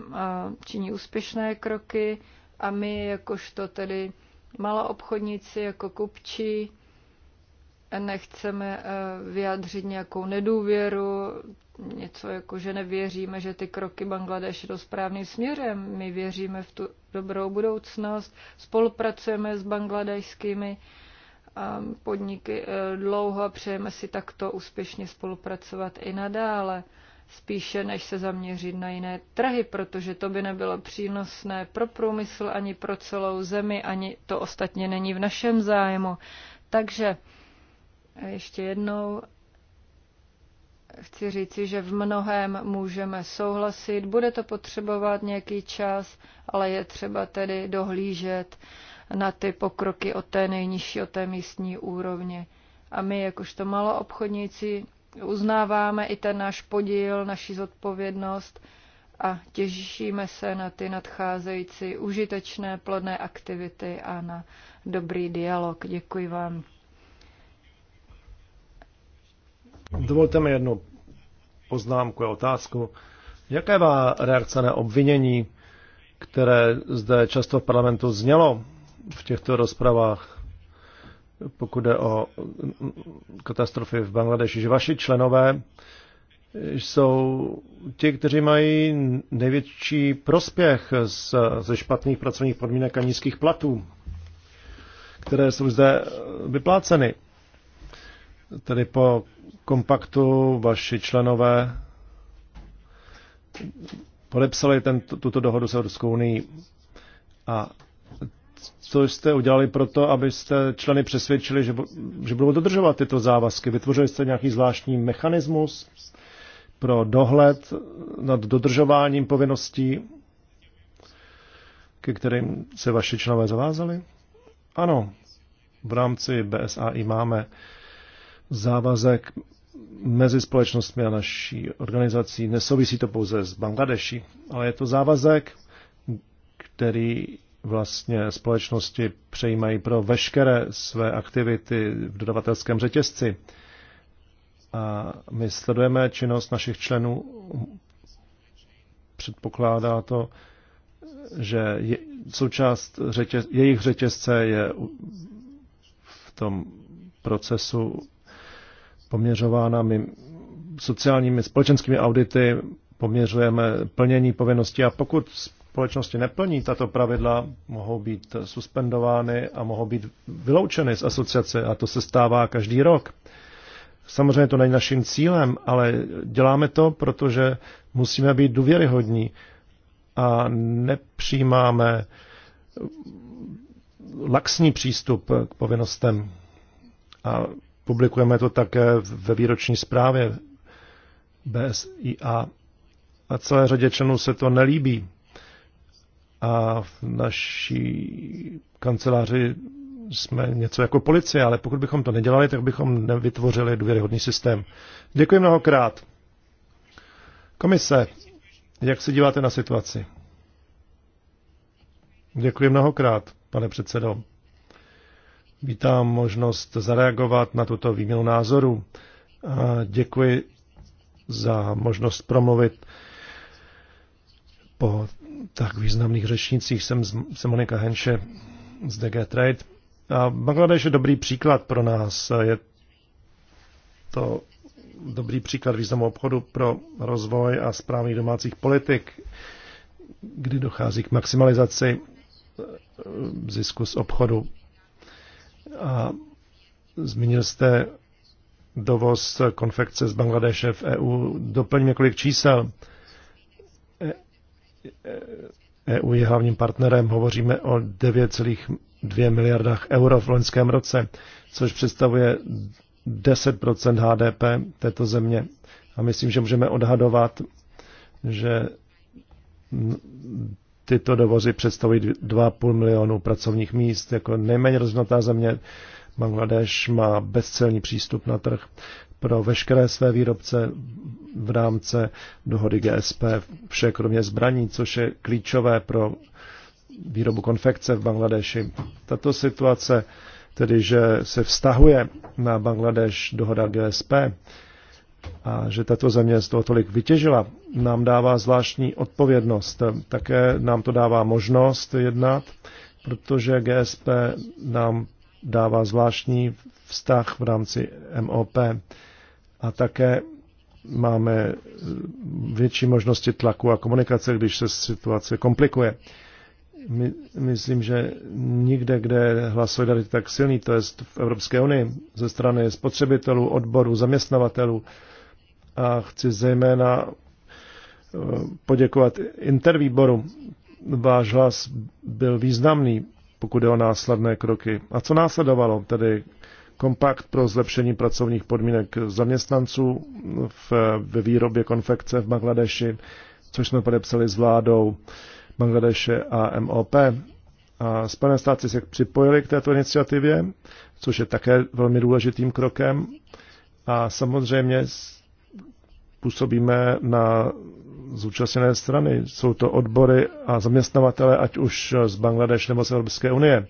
S2: činí úspěšné kroky a my jakožto tedy malou obchodníci jako kupčí, nechceme eh, vyjádřit nějakou nedůvěru, něco jako, že nevěříme, že ty kroky Bangladeš jdou správným směrem. My věříme v tu dobrou budoucnost, spolupracujeme s bangladešskými ehm, podniky eh, dlouho a přejeme si takto úspěšně spolupracovat i nadále, spíše než se zaměřit na jiné trhy, protože to by nebylo přínosné pro průmysl ani pro celou zemi, ani to ostatně není v našem zájmu. Takže ještě jednou chci říci, že v mnohem můžeme souhlasit, bude to potřebovat nějaký čas, ale je třeba tedy dohlížet na ty pokroky od té nejnižší, od té místní úrovně. A my, jakožto maloobchodníci, uznáváme i ten náš podíl, naši zodpovědnost a těšíme se na ty nadcházející užitečné plodné aktivity a na dobrý dialog. Děkuji
S1: vám. No. Dovolte mi jednu poznámku a otázku. Jaká má reakce na obvinění, které zde často v parlamentu znělo v těchto rozpravách, pokud jde o katastrofy v Bangladeši, že vaši členové jsou ti, kteří mají největší prospěch z, ze špatných pracovních podmínek a nízkých platů, které jsou zde vypláceny. Tedy po kompaktu vaši členové podepsali tento, tuto dohodu s Evropskou unii. A co jste udělali pro to, abyste členy přesvědčili, že, že budou dodržovat tyto závazky? Vytvořili jste nějaký zvláštní mechanismus pro dohled nad dodržováním povinností, ke kterým se vaši členové zavázali? Ano, v rámci BSAI máme závazek mezi společnostmi a naší organizací. Nesouvisí to pouze s Bangladeši, ale je to závazek, který vlastně společnosti přejímají pro veškeré své aktivity v dodavatelském řetězci. A my sledujeme činnost našich členů. Předpokládá to, že je, součást řetěz, jejich řetězce je v tom procesu poměřována my sociálními společenskými audity, poměřujeme plnění povinností a pokud společnosti neplní tato pravidla, mohou být suspendovány a mohou být vyloučeny z asociace a to se stává každý rok. Samozřejmě to není naším cílem, ale děláme to, protože musíme být důvěryhodní a nepřijímáme laxní přístup k povinnostem. A publikujeme to také ve výroční zprávě BSIA a celé řadě členů se to nelíbí. A v naší kanceláři jsme něco jako policie, ale pokud bychom to nedělali, tak bychom nevytvořili důvěryhodný systém. Děkuji mnohokrát. Komise, jak se díváte na situaci? Děkuji mnohokrát, pane předsedo. Vítám možnost zareagovat na tuto výměnu názorů. A děkuji za možnost promluvit po tak významných řečnících. Jsem, jsem Monika Henše z DG Trade. A Bangladeš je dobrý příklad pro nás. Je to dobrý příklad významu obchodu pro rozvoj a správných domácích politik, kdy dochází k maximalizaci zisku z obchodu a zmínil jste dovoz konfekce z Bangladeše v EU. Doplň několik čísel. EU e, e je hlavním partnerem, hovoříme o 9,2 miliardách euro v loňském roce, což představuje 10 HDP této země. A myslím, že můžeme odhadovat, že tyto dovozy představují 2,5 milionu pracovních míst. Jako nejméně rozvinutá země Bangladeš má bezcelní přístup na trh pro veškeré své výrobce v rámci dohody GSP, vše kromě zbraní, což je klíčové pro výrobu konfekce v Bangladeši. Tato situace, tedy že se vztahuje na Bangladeš dohoda GSP, a že tato země z toho tolik vytěžila, nám dává zvláštní odpovědnost. Také nám to dává možnost jednat, protože GSP nám dává zvláštní vztah v rámci MOP a také máme větší možnosti tlaku a komunikace, když se situace komplikuje. My, myslím, že nikde, kde hlas solidarity tak silný, to je v Evropské unii, ze strany spotřebitelů, odborů, zaměstnavatelů, a chci zejména eh, poděkovat intervýboru. Váš hlas byl významný, pokud je o následné kroky. A co následovalo? Tedy kompakt pro zlepšení pracovních podmínek zaměstnanců v, ve výrobě konfekce v Bangladeši, což jsme podepsali s vládou Bangladeše a MOP. A Spojené státy se připojili k této iniciativě, což je také velmi důležitým krokem. A samozřejmě působíme na zúčastněné strany. Jsou to odbory a zaměstnavatele, ať už z Bangladeš nebo z Evropské unie.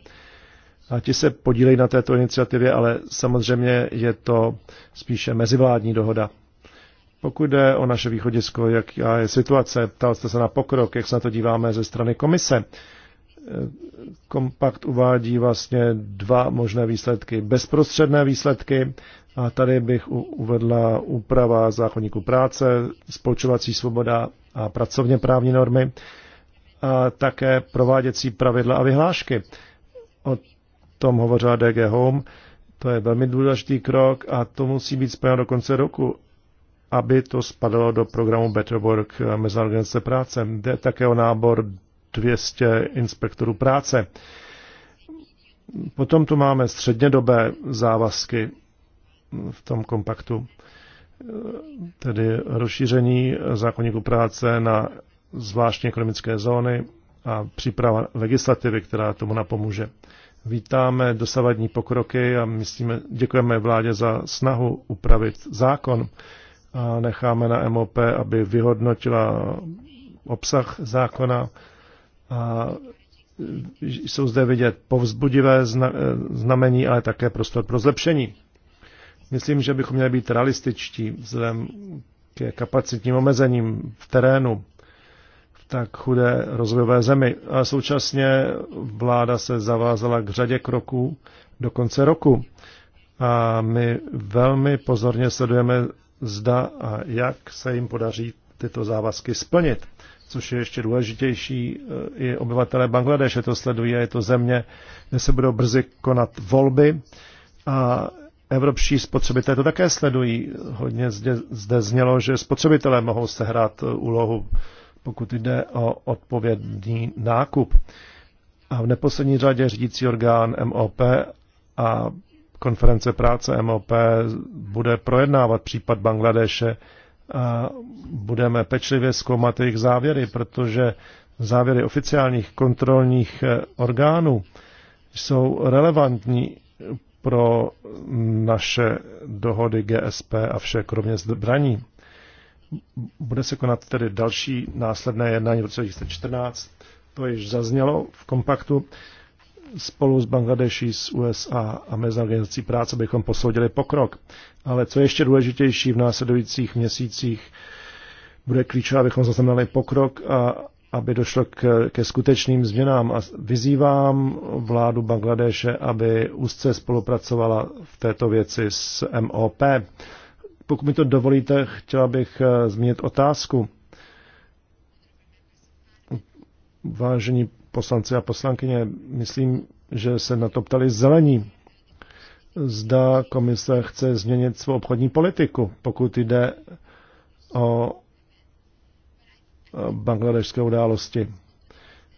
S1: A ti se podílejí na této iniciativě, ale samozřejmě je to spíše mezivládní dohoda. Pokud jde o naše východisko, jaká je situace, ptal jste se na pokrok, jak se na to díváme ze strany komise kompakt uvádí vlastně dva možné výsledky. Bezprostředné výsledky, a tady bych uvedla úprava zákonníku práce, spolčovací svoboda a pracovně právní normy, a také prováděcí pravidla a vyhlášky. O tom hovořila DG Home. To je velmi důležitý krok a to musí být splněno do konce roku, aby to spadalo do programu Better Work Mezinárodní organizace práce. Jde také o nábor 200 inspektorů práce. Potom tu máme střednědobé závazky v tom kompaktu, tedy rozšíření zákonníku práce na zvláštní ekonomické zóny a příprava legislativy, která tomu napomůže. Vítáme dosavadní pokroky a myslíme, děkujeme vládě za snahu upravit zákon a necháme na MOP, aby vyhodnotila obsah zákona a e, jsou zde vidět povzbudivé e, znamení, ale také prostor pro zlepšení. Myslím, že bychom měli být realističtí vzhledem k kapacitním omezením v terénu v tak chudé rozvojové zemi. A současně vláda se zavázala k řadě kroků do konce roku. A my velmi pozorně sledujeme, zda a jak se jim podaří tyto závazky splnit což je ještě důležitější, eh, i obyvatelé Bangladeše to sledují a je to země, kde se budou brzy konat volby a evropští spotřebitelé to také sledují. Hodně zde, zde znělo, že spotřebitelé mohou sehrát eh, úlohu, pokud jde o odpovědný nákup. A v neposlední řadě řídící orgán MOP a konference práce MOP bude projednávat případ Bangladeše a budeme pečlivě zkoumat jejich závěry, protože závěry oficiálních kontrolních eh, orgánů jsou relevantní pro naše dohody GSP a vše, kromě zbraní. Bude se konat tedy další následné jednání v roce 2014, to již zaznělo v kompaktu spolu s Bangladeší, s USA a Mezinárodní práce bychom posoudili pokrok. Ale co je ještě důležitější v následujících měsících, bude klíčové, abychom zaznamenali pokrok a aby došlo k, ke skutečným změnám. A vyzývám vládu Bangladeše, aby úzce spolupracovala v této věci s MOP. Pokud mi to dovolíte, chtěla bych eh, změnit otázku. Vážení poslanci a poslankyně. Myslím, že se na to ptali zelení. Zda komise chce změnit svou obchodní politiku, pokud jde o bangladešské události.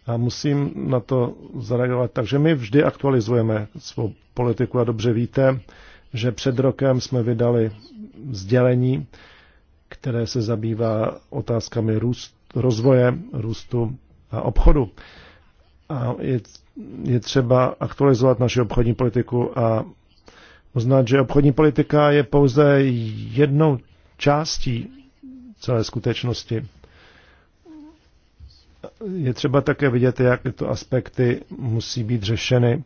S1: A musím na to zareagovat. Takže my vždy aktualizujeme svou politiku a dobře víte, že před rokem jsme vydali sdělení, které se zabývá otázkami růst, rozvoje, růstu a obchodu. A je, je třeba aktualizovat naši obchodní politiku a uznat, že obchodní politika je pouze jednou částí celé skutečnosti. Je třeba také vidět, jak tyto aspekty musí být řešeny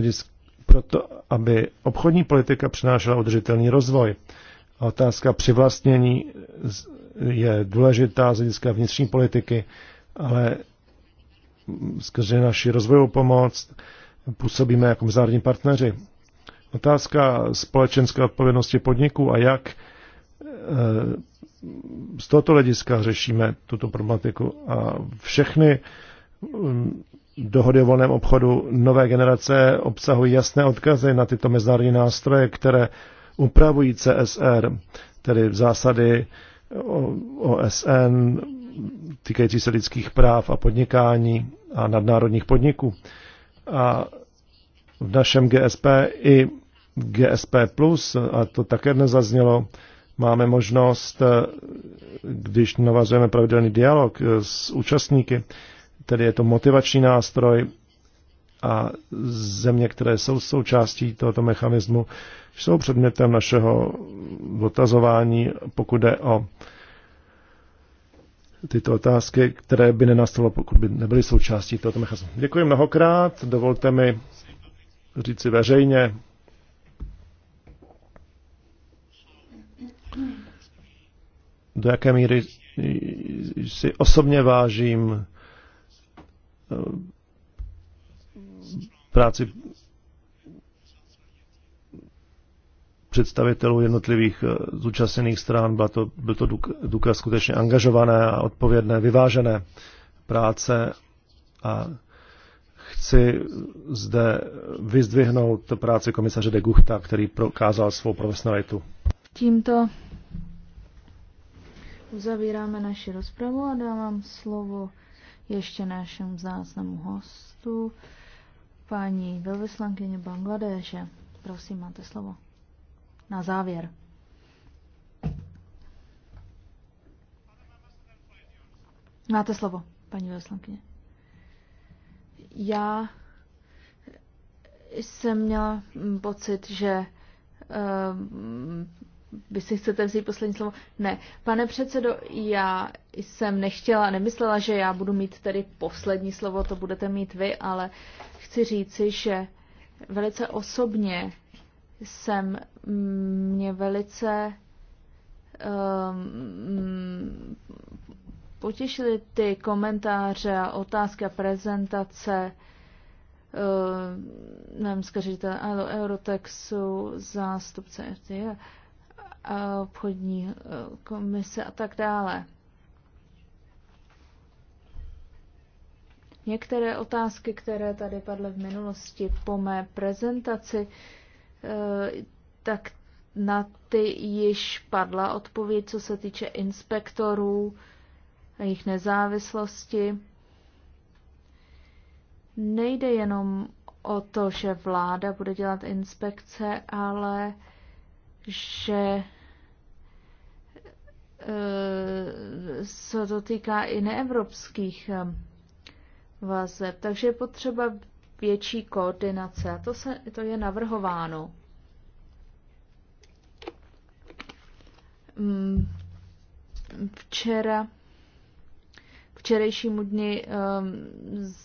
S1: z proto, aby obchodní politika přinášela udržitelný rozvoj. A otázka přivlastnění je důležitá z hlediska vnitřní politiky, ale skrze naši rozvojovou pomoc působíme jako mezinárodní partneři. Otázka společenské odpovědnosti podniků a jak eh, z tohoto hlediska řešíme tuto problematiku a všechny mm, dohody o volném obchodu nové generace obsahují jasné odkazy na tyto mezinárodní nástroje, které upravují CSR, tedy zásady OSN, týkající se lidských práv a podnikání a nadnárodních podniků. A v našem GSP i GSP+, plus, a to také dnes zaznělo, máme možnost, když navazujeme pravidelný dialog s účastníky, tedy je to motivační nástroj a země, které jsou součástí tohoto mechanismu, jsou předmětem našeho dotazování, pokud jde o tyto otázky, které by nenastalo, pokud by nebyly součástí tohoto mechanismu. Děkuji mnohokrát, dovolte mi říci veřejně, do jaké míry si osobně vážím eh, práci představitelů jednotlivých eh, zúčastněných stran. Byl to, byl to důkaz skutečně angažované a odpovědné, vyvážené práce a chci zde vyzdvihnout práci komisaře de Guchta, který prokázal svou profesionalitu.
S3: Tímto uzavíráme naši rozpravu a dávám slovo ještě našem záznamu hostu, paní velvyslankyně Bangladéše. Prosím, máte slovo na závěr. Máte slovo, paní veslankyně. Já jsem měla pocit, že eh, vy si chcete vzít poslední slovo? Ne. Pane předsedo, já jsem nechtěla, nemyslela, že já budu mít tedy poslední slovo, to budete mít vy, ale chci říci, že velice osobně jsem mm, mě velice um, potěšily ty komentáře a otázky a prezentace ehm, nevím, zkažíte, ale Eurotexu, zástupce RTA, a obchodní eh, komise a tak dále. Některé otázky, které tady padly v minulosti po mé prezentaci, uh, Eh, tak na ty již padla odpověď, co se týče inspektorů a jejich nezávislosti. Nejde jenom o to, že vláda bude dělat inspekce, ale že eh, se to týká i neevropských eh, vazeb. Takže je potřeba větší koordinace. A to, se, to je navrhováno. Mm, včera, včerejšímu dni um,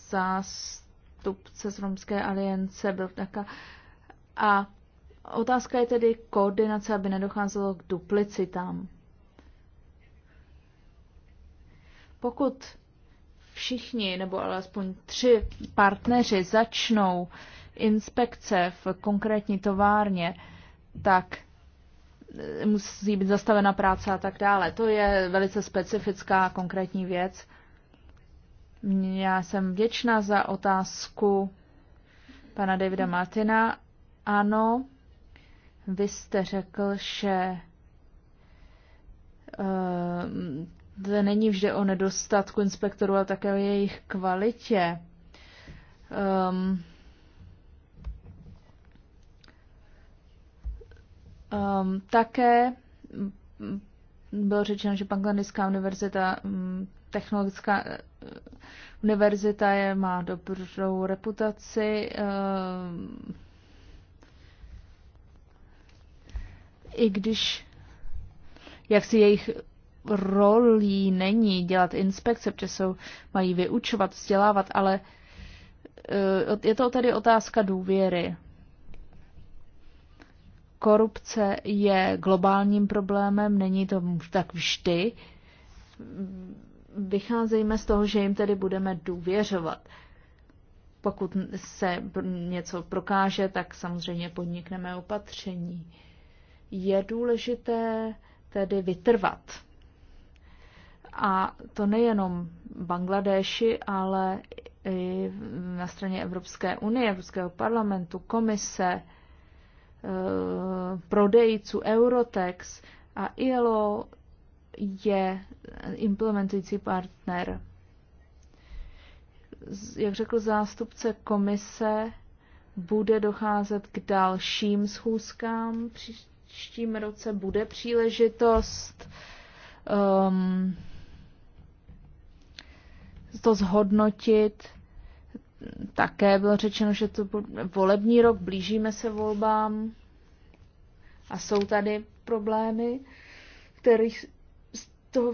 S3: zástupce z Romské aliance byl taká. A otázka je tedy koordinace, aby nedocházelo k duplicitám. Pokud všichni, nebo alespoň tři partneři začnou inspekce v konkrétní továrně, tak e, musí být zastavena práce a tak dále. To je velice specifická konkrétní věc. Já jsem vděčná za otázku pana Davida Martina. Ano, vy jste řekl, že e, zde není vždy o nedostatku inspektorů, ale také o jejich kvalitě. Um, um, také bylo řečeno, že Panglandická univerzita, um, technologická uh, univerzita je, má dobrou reputaci. Um, I když jak si jejich rolí není dělat inspekce, protože jsou, mají vyučovat, vzdělávat, ale eh, je to tedy otázka důvěry. Korupce je globálním problémem, není to tak vždy. Vycházejme z toho, že jim tedy budeme důvěřovat. Pokud se něco prokáže, tak samozřejmě podnikneme opatření. Je důležité tedy vytrvat a to nejenom Bangladeši, ale i na straně Evropské unie, Evropského parlamentu, komise, eh, prodejců Eurotex a ILO je implementující partner. Jak řekl zástupce komise, bude docházet k dalším schůzkám. Příštím roce bude příležitost um, to zhodnotit. Také bylo řečeno, že to bude volební rok, blížíme se volbám a jsou tady problémy, kterých z toho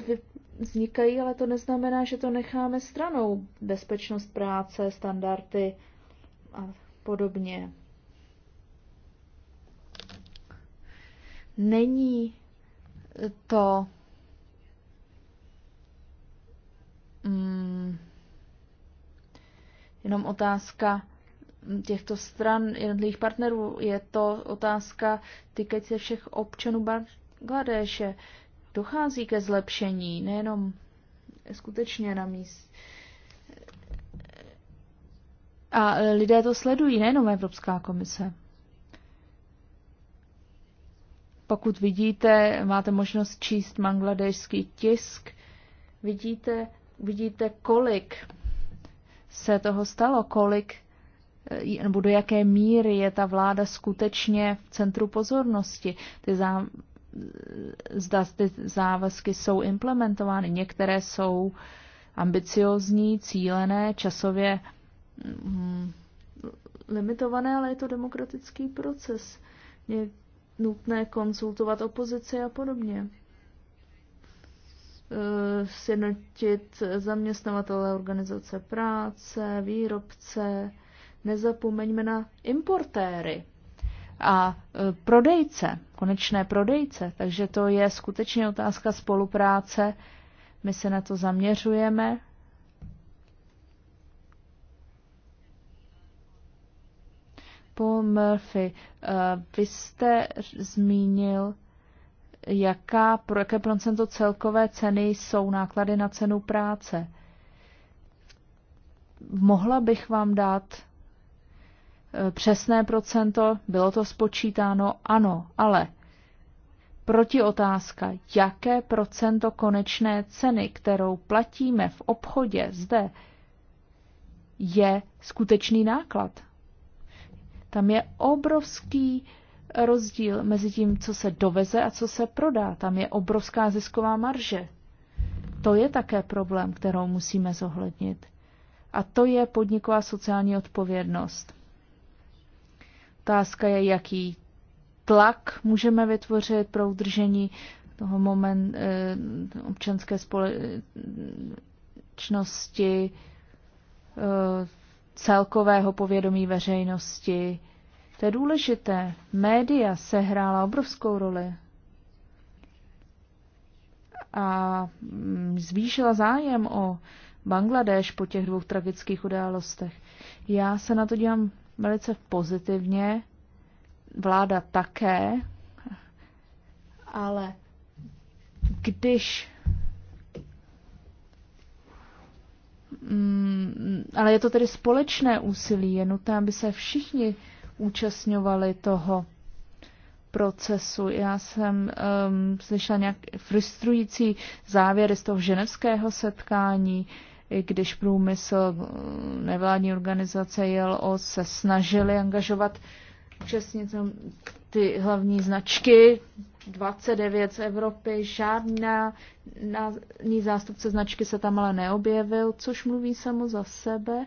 S3: vznikají, ale to neznamená, že to necháme stranou. Bezpečnost práce, standardy a podobně. Není to mm, jenom otázka těchto stran jednotlivých partnerů. Je to otázka týkající se všech občanů Bangladeše. Dochází ke zlepšení, nejenom skutečně na místě. A lidé to sledují, nejenom Evropská komise. Pokud vidíte, máte možnost číst mangladešský tisk, vidíte, vidíte, kolik se toho stalo, kolik eh, nebo do jaké míry je ta vláda skutečně v centru pozornosti. Ty zá, zda ty závazky jsou implementovány. Některé jsou ambiciozní, cílené, časově mm, limitované, ale je to demokratický proces. Je nutné konsultovat opozici a podobně. Eh, sjednotit zaměstnavatele, organizace práce, výrobce. Nezapomeňme na importéry a eh, prodejce, konečné prodejce. Takže to je skutečně otázka spolupráce. My se na to zaměřujeme. Paul Murphy, eh, vy jste zmínil jaká, pro jaké procento celkové ceny jsou náklady na cenu práce. Mohla bych vám dát eh, přesné procento, bylo to spočítáno, ano, ale proti otázka, jaké procento konečné ceny, kterou platíme v obchodě zde, je skutečný náklad. Tam je obrovský rozdíl mezi tím, co se doveze a co se prodá. Tam je obrovská zisková marže. To je také problém, kterou musíme zohlednit. A to je podniková sociální odpovědnost. Otázka je, jaký tlak můžeme vytvořit pro udržení toho moment eh, občanské společnosti, eh, celkového povědomí veřejnosti, eh, to je důležité. Média sehrála obrovskou roli a mm, zvýšila zájem o Bangladeš po těch dvou tragických událostech. Já se na to dívám velice pozitivně, vláda také, ale když mm, ale je to tedy společné úsilí, je nutné, aby se všichni účastňovali toho procesu. Já jsem um, slyšela nějak frustrující závěry z toho ženevského setkání, i když průmysl uh, nevládní organizace JLO se snažili angažovat přesně ty hlavní značky, 29 z Evropy, žádná ní zástupce značky se tam ale neobjevil, což mluví samo za sebe.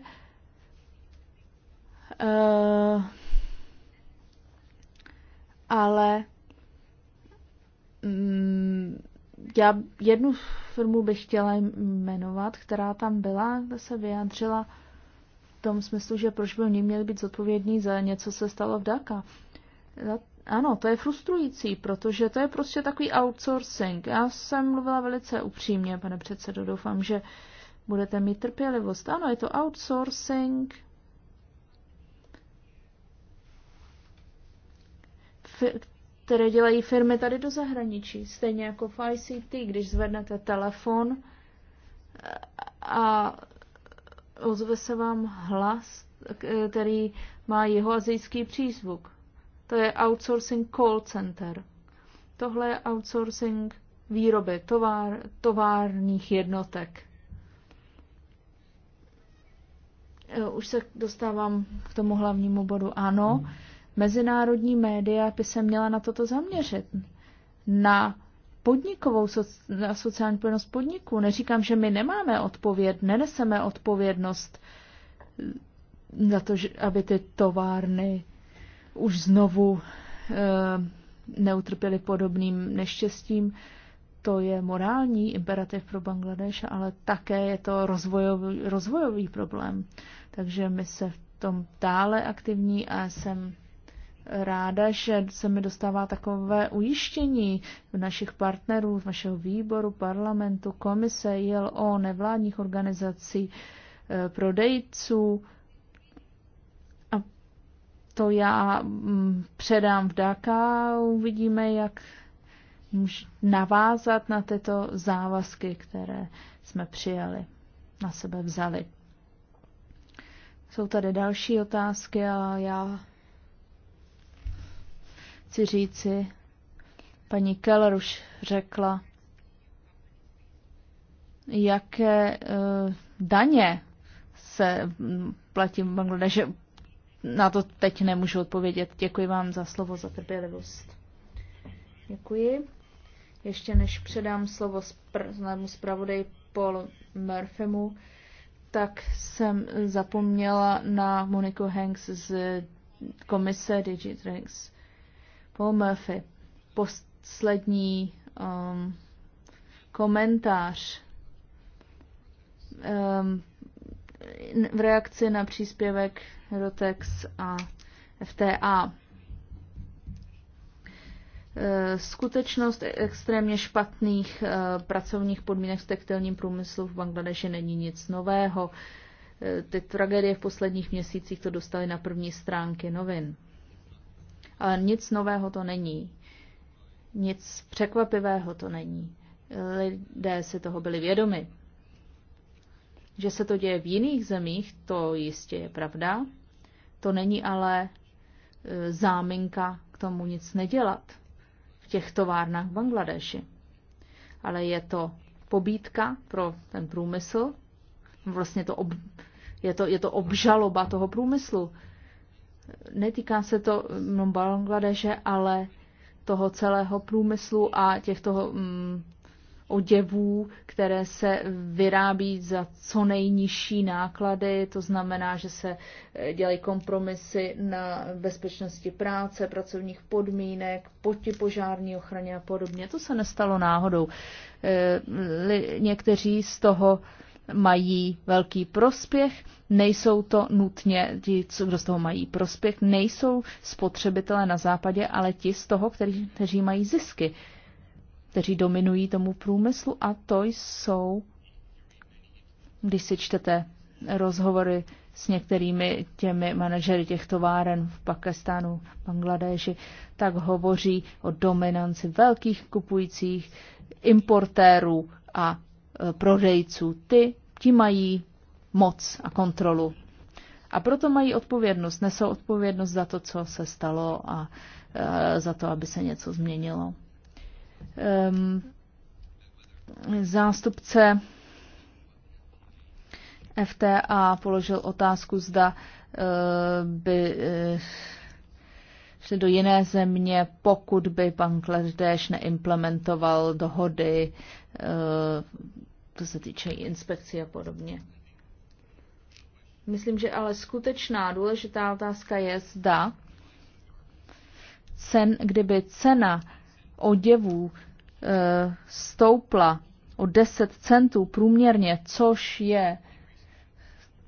S3: Uh, ale mm, já jednu firmu bych chtěla jmenovat, která tam byla, kde se vyjádřila v tom smyslu, že proč by oni měli být zodpovědní za něco, co se stalo v Daka. Ano, to je frustrující, protože to je prostě takový outsourcing. Já jsem mluvila velice upřímně, pane předsedo, doufám, že budete mít trpělivost. Ano, je to outsourcing, které dělají firmy tady do zahraničí. Stejně jako v ICT, když zvednete telefon a ozve se vám hlas, který má jeho azijský přízvuk. To je outsourcing call center. Tohle je outsourcing výroby továr, továrních jednotek. Už se dostávám k tomu hlavnímu bodu. Ano, hmm Mezinárodní média by se měla na toto zaměřit. Na podnikovou na sociální plnost podniků. Neříkám, že my nemáme odpověd, neneseme odpovědnost za to, aby ty továrny už znovu e, neutrpěly podobným neštěstím. To je morální imperativ pro Bangladeš, ale také je to rozvojový, rozvojový problém. Takže my se v tom dále aktivní a jsem ráda, že se mi dostává takové ujištění našich partnerů, našeho výboru, parlamentu, komise, ILO, nevládních organizací, eh, prodejců. A to já mm, předám v Daka, uvidíme, jak navázat na tyto závazky, které jsme přijali, na sebe vzali. Jsou tady další otázky, a já chci říci, paní Keller už řekla, jaké uh, daně se mm, platí v Bangladeši. Na to teď nemůžu odpovědět. Děkuji vám za slovo, za trpělivost. Děkuji. Ještě než předám slovo známému zpravodaji Paul Murphymu, tak jsem zapomněla na Moniku Hanks z komise Digitrix. Paul Murphy. Poslední um, komentář um, v reakci na příspěvek Rotex a FTA. Eh, skutečnost extrémně špatných eh, pracovních podmínek v textilním průmyslu v Bangladeši není nic nového. Eh, ty tragédie v posledních měsících to dostaly na první stránky novin. Ale nic nového to není. Nic překvapivého to není. Lidé si toho byli vědomi. Že se to děje v jiných zemích, to jistě je pravda. To není ale e, záminka k tomu nic nedělat v těch továrnách v Bangladeši. Ale je to pobídka pro ten průmysl, vlastně to ob, je, to, je to obžaloba toho průmyslu, Netýká se to no, Bangladeše, ale toho celého průmyslu a těchto mm, oděvů, které se vyrábí za co nejnižší náklady, to znamená, že se eh, dělají kompromisy na bezpečnosti práce, pracovních podmínek, potipožární ochraně a podobně. To se nestalo náhodou. Eh, někteří z toho mají velký prospěch, nejsou to nutně ti, kdo z toho mají prospěch, nejsou spotřebitelé na západě, ale ti z toho, kteří, kteří mají zisky, kteří dominují tomu průmyslu a to jsou, když si čtete rozhovory s některými těmi manažery těch továren v Pakistánu, Bangladeši, tak hovoří o dominanci velkých kupujících importérů a Eh, prodejců. Ty, ti mají moc a kontrolu. A proto mají odpovědnost, nesou odpovědnost za to, co se stalo a eh, za to, aby se něco změnilo. Ehm, zástupce FTA položil otázku, zda eh, by šli do jiné země, pokud by Bangladeš neimplementoval dohody co se týče inspekcí a podobně. Myslím, že ale skutečná důležitá otázka je, zda cen, kdyby cena oděvů e, stoupla o 10 centů průměrně, což je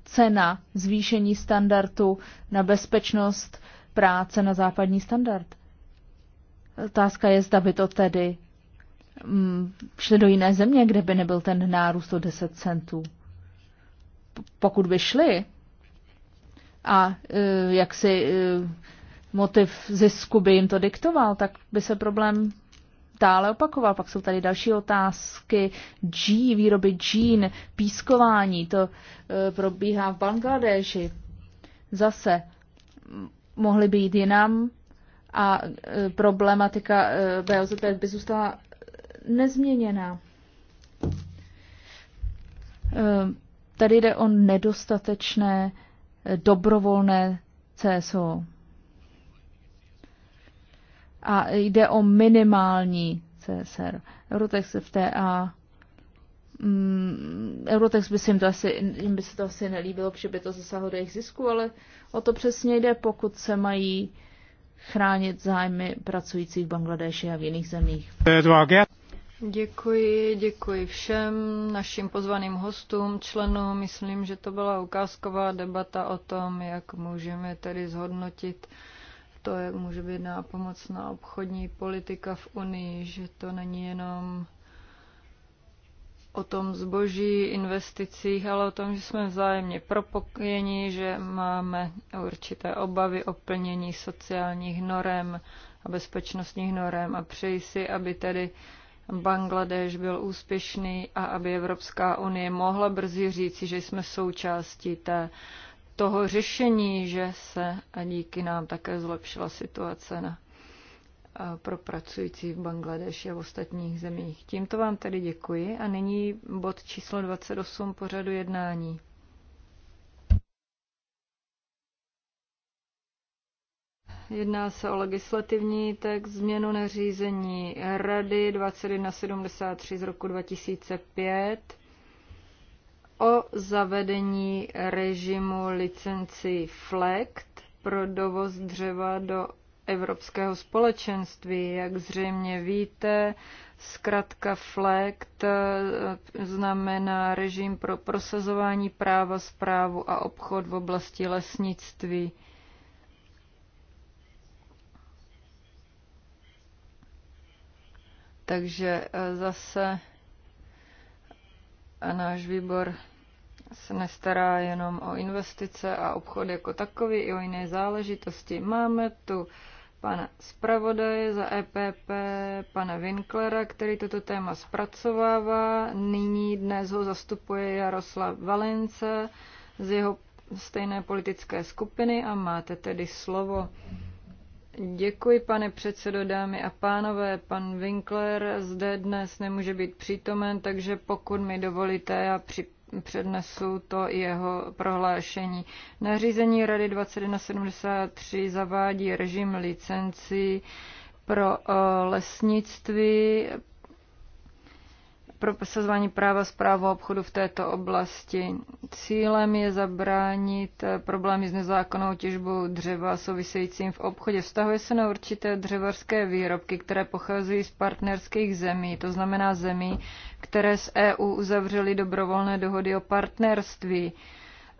S3: cena zvýšení standardu na bezpečnost práce na západní standard. Otázka je, zda by to tedy Mm, šli do jiné země, kde by nebyl ten nárůst o 10 centů. Pokud by šli a e, jak si e, motiv zisku by jim to diktoval, tak by se problém dále opakoval. Pak jsou tady další otázky G, výroby džín, pískování, to e, probíhá v Bangladeši. Zase mohly být jinam a problematika BOZP by zůstala nezměněná. Eh, tady jde o nedostatečné eh, dobrovolné CSO. A jde o minimální CSR. Eurotex FTA mm, Eurotex by se jim, to asi, jim by se to asi nelíbilo, protože by to zasáhlo do jejich zisku, ale o to přesně jde, pokud se mají chránit zájmy pracujících v Bangladeši a v jiných zemích.
S1: Eh,
S2: Děkuji, děkuji všem našim pozvaným hostům, členům. Myslím, že to byla ukázková debata o tom, jak můžeme tedy zhodnotit to, jak může být nápomocná obchodní politika v Unii, že to není jenom o tom zboží, investicích, ale o tom, že jsme vzájemně propojeni, že máme určité obavy o plnění sociálních norem a bezpečnostních norem a přeji si, aby tedy Bangladeš byl úspěšný a aby Evropská unie mohla brzy říci, že jsme součástí té, toho řešení, že se a díky nám také zlepšila situace na pro pracující v Bangladeši a v ostatních zemích. Tímto vám tedy děkuji a nyní bod číslo 28 pořadu jednání. Jedná se o legislativní text změnu nařízení Rady 2173 z roku 2005 o zavedení režimu licenci FLECT pro dovoz dřeva do Evropského společenství. Jak zřejmě víte, zkrátka FLECT eh, znamená režim pro prosazování práva, zprávu a obchod v oblasti lesnictví. Takže eh, zase eh, náš výbor se nestará jenom o investice a obchod jako takový, i o jiné záležitosti. Máme tu pana zpravodaje za EPP, pana Winklera, který toto téma zpracovává. Nyní dnes ho zastupuje Jaroslav Valence z jeho stejné politické skupiny a máte tedy slovo. Děkuji, pane předsedo, dámy a pánové. Pan Winkler zde dnes nemůže být přítomen, takže pokud mi dovolíte, já při přednesu to jeho prohlášení. Nařízení Rady 2173 zavádí režim licencí pro eh, lesnictví pro prosazování práva zprávu obchodu v této oblasti. Cílem je zabránit eh, problémy s nezákonnou těžbou dřeva souvisejícím v obchodě. Vztahuje se na určité dřevarské výrobky, které pocházejí z partnerských zemí, to znamená zemí, které s EU uzavřely dobrovolné dohody o partnerství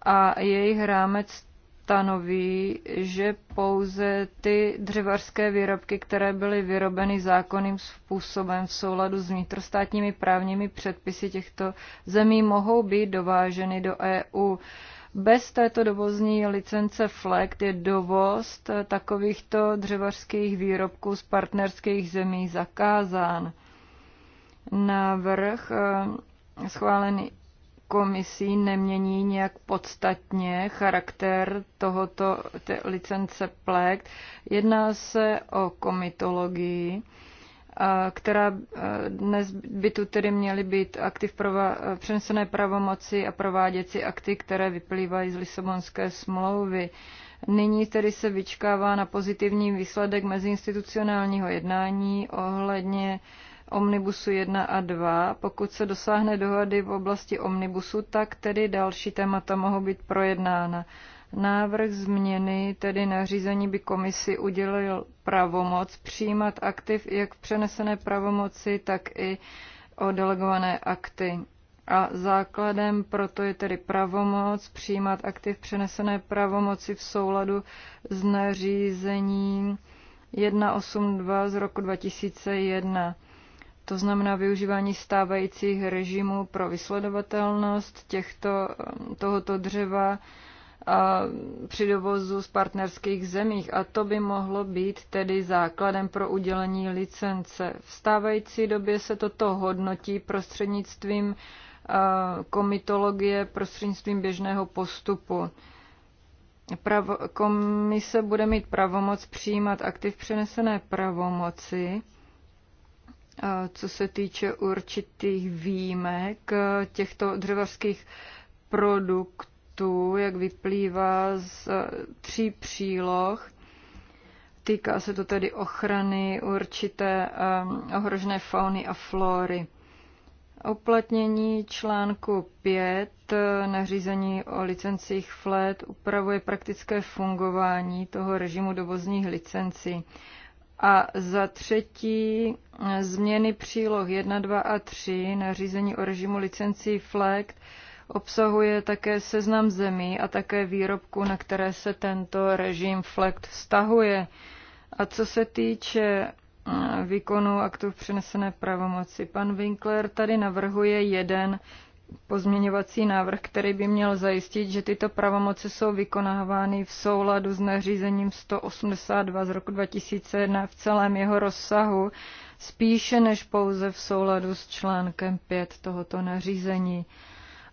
S2: a jejich rámec stanoví, že pouze ty dřevařské výrobky, které byly vyrobeny zákonným způsobem v souladu s vnitrostátními právními předpisy těchto zemí, mohou být dováženy do EU. Bez této dovozní licence FLEC je dovoz takovýchto dřevařských výrobků z partnerských zemí zakázán. Návrh eh, schválený komisí nemění nějak podstatně charakter tohoto té licence plekt. Jedná se o komitologii, která dnes by tu tedy měly být aktiv prova, přenesené pravomoci a prováděcí akty, které vyplývají z Lisabonské smlouvy. Nyní tedy se vyčkává na pozitivní výsledek meziinstitucionálního jednání ohledně uh, Omnibusu 1 a 2. Pokud se dosáhne dohody v oblasti Omnibusu, tak tedy další témata mohou být projednána. Návrh změny, tedy nařízení by komisi udělil pravomoc přijímat aktiv jak v přenesené pravomoci, tak i o delegované akty. A základem proto je tedy pravomoc přijímat aktiv přenesené pravomoci v souladu s nařízením 182 z roku 2001 to znamená využívání stávajících režimů pro vysledovatelnost těchto, tohoto dřeva a při dovozu z partnerských zemích a to by mohlo být tedy základem pro udělení licence. V stávající době se toto hodnotí prostřednictvím komitologie, prostřednictvím běžného postupu. komise bude mít pravomoc přijímat aktiv přenesené pravomoci co se týče určitých výjimek těchto dřevařských produktů, jak vyplývá z e, tří příloh. Týká se to tedy ochrany určité e, ohrožené fauny a flóry. Oplatnění článku 5 e, nařízení o licencích FLET upravuje praktické fungování toho režimu dovozních licencí. A za třetí změny příloh 1, 2 a 3 na řízení o režimu licencí FLECT obsahuje také seznam zemí a také výrobku, na které se tento režim FLECT vztahuje. A co se týče mm, výkonu aktu v přenesené pravomoci, pan Winkler tady navrhuje jeden pozměňovací návrh, který by měl zajistit, že tyto pravomoce jsou vykonávány v souladu s nařízením 182 z roku 2001 v celém jeho rozsahu, spíše než pouze v souladu s článkem 5 tohoto nařízení.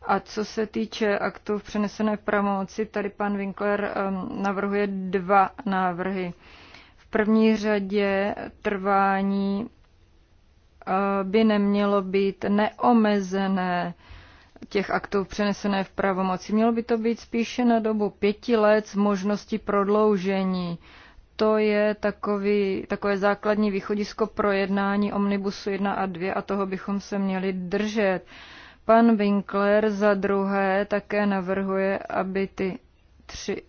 S2: A co se týče aktu v přenesené pravomoci, tady pan Winkler um, navrhuje dva návrhy. V první řadě trvání uh, by nemělo být neomezené těch aktů přenesené v pravomoci. Mělo by to být spíše na dobu pěti let s možností prodloužení. To je takový, takové základní východisko pro jednání Omnibusu 1 a 2 a toho bychom se měli držet. Pan Winkler za druhé také navrhuje, aby ty tři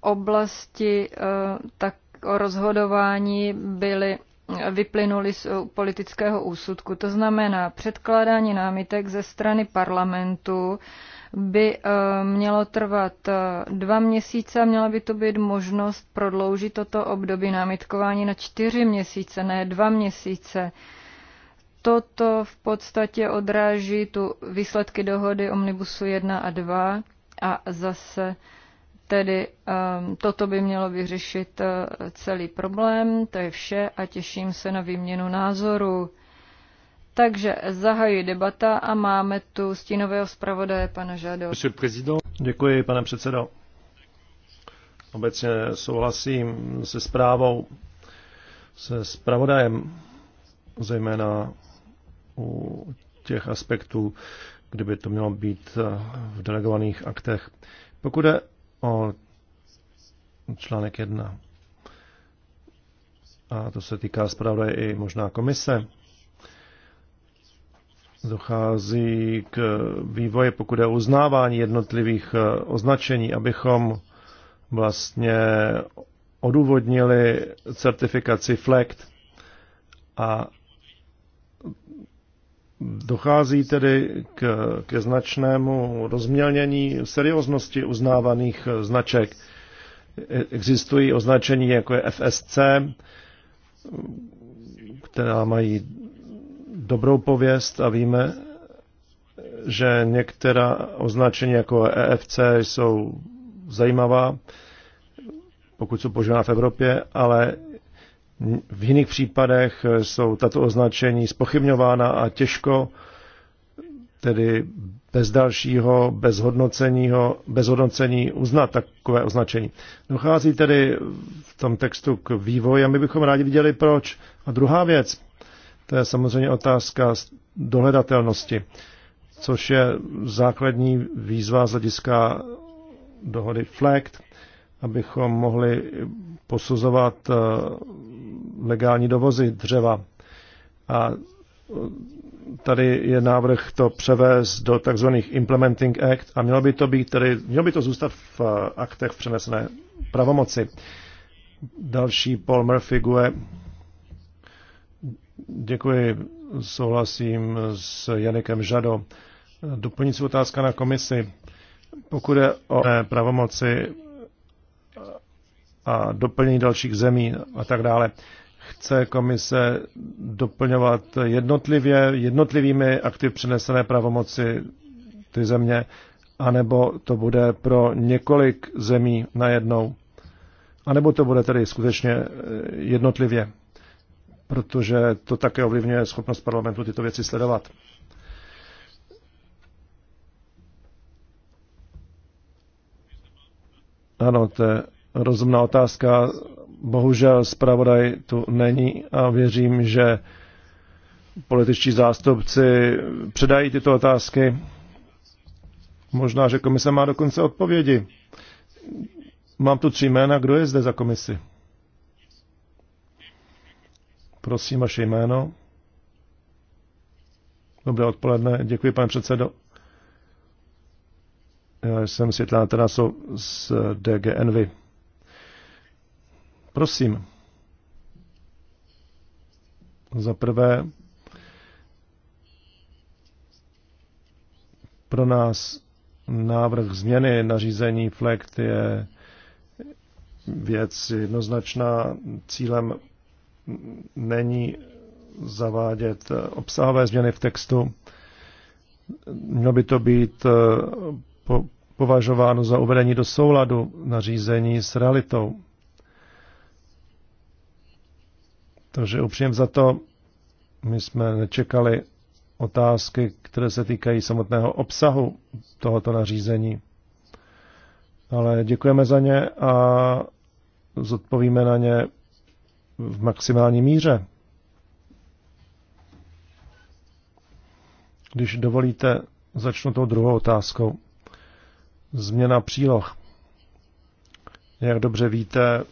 S2: oblasti eh, tak o rozhodování byly vyplynuly z politického úsudku. To znamená, předkládání námitek ze strany parlamentu by eh, mělo trvat eh, dva měsíce a měla by to být možnost prodloužit toto období námitkování na čtyři měsíce, ne dva měsíce. Toto v podstatě odráží tu výsledky dohody Omnibusu 1 a 2 a zase Tedy um, toto by mělo vyřešit uh, celý problém, to je vše a těším se na výměnu názoru. Takže zahajuji debata a máme tu stínového zpravodaje pana Žado.
S1: Děkuji, pane předsedo. Obecně souhlasím se zprávou, se zpravodajem, zejména u těch aspektů, kdyby to mělo být eh, v delegovaných aktech. Pokud je o článek 1. A to se týká zpravodaje i možná komise. Dochází k vývoji, pokud je uznávání jednotlivých e, označení, abychom vlastně odůvodnili certifikaci FLECT a Dochází tedy k, ke značnému rozmělnění serióznosti uznávaných eh, značek. E, existují označení jako je FSC, která mají dobrou pověst a víme, že některá označení jako EFC jsou zajímavá, pokud jsou požívána v Evropě, ale v jiných případech eh, jsou tato označení spochybňována a těžko, tedy bez dalšího, bez, hodnoceního, bez hodnocení uznat takové označení. Dochází tedy v tom textu k vývoji a my bychom rádi viděli proč. A druhá věc, to je samozřejmě otázka dohledatelnosti, což je základní výzva z hlediska dohody FLECT abychom mohli posuzovat eh, legální dovozy dřeva. A eh, tady je návrh to převést do tzv. Implementing Act a mělo by to, být tedy, mělo by to zůstat v eh, aktech v přenesené pravomoci. Další Paul Murphy Gue. Děkuji, souhlasím s Janikem Žado. Doplňující otázka na komisi. Pokud je o pravomoci, a doplnění dalších zemí a tak dále. Chce komise doplňovat jednotlivě, jednotlivými aktiv přenesené pravomoci ty země, anebo to bude pro několik zemí najednou, anebo to bude tedy skutečně e, jednotlivě, protože to také ovlivňuje schopnost parlamentu tyto věci sledovat. Ano, to je rozumná otázka. Bohužel zpravodaj tu není a věřím, že političtí zástupci předají tyto otázky. Možná, že komise má dokonce odpovědi. Mám tu tři jména. Kdo je zde za komisi? Prosím, vaše jméno. Dobré odpoledne. Děkuji, pane předsedo. Já jsem Světlana Terasov z DGNV. Prosím. Za prvé, pro nás návrh změny nařízení FLECT je věc jednoznačná. Cílem není zavádět obsahové změny v textu. Mělo by to být eh, považováno za uvedení do souladu nařízení s realitou. Takže upřímně za to, my jsme nečekali otázky, které se týkají samotného obsahu tohoto nařízení. Ale děkujeme za ně a zodpovíme na ně v maximální míře. Když dovolíte, začnu tou druhou otázkou. Změna příloh. Jak dobře víte,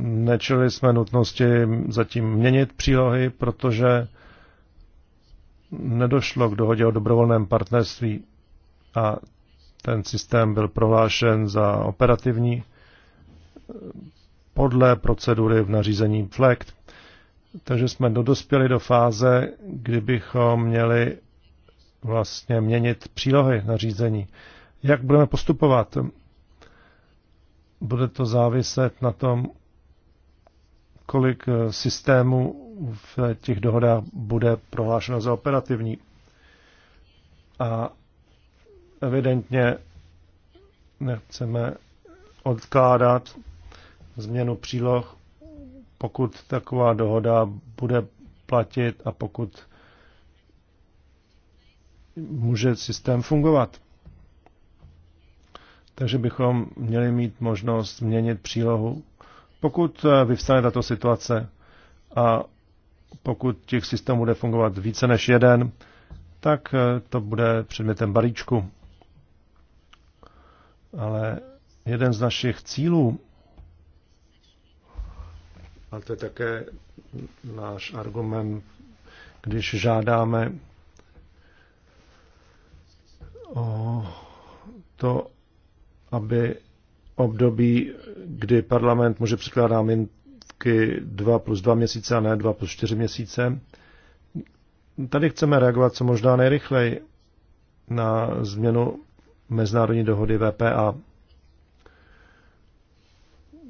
S1: Nečili jsme nutnosti zatím měnit přílohy, protože nedošlo k dohodě o dobrovolném partnerství a ten systém byl prohlášen za operativní podle procedury v nařízení FLECT. Takže jsme dodospěli do fáze, kdybychom měli vlastně měnit přílohy nařízení. Jak budeme postupovat? Bude to záviset na tom, kolik eh, systémů v těch dohodách bude prohlášeno za operativní. A evidentně nechceme odkládat změnu příloh, pokud taková dohoda bude platit a pokud může systém fungovat. Takže bychom měli mít možnost změnit přílohu pokud eh, vyvstane tato situace a pokud těch systémů bude fungovat více než jeden, tak eh, to bude předmětem balíčku. Ale jeden z našich cílů, a to je také náš argument, když žádáme o to, aby období, kdy parlament může předkládat námitky 2 plus 2 měsíce a ne 2 plus 4 měsíce. Tady chceme reagovat co možná nejrychleji na změnu mezinárodní dohody VPA.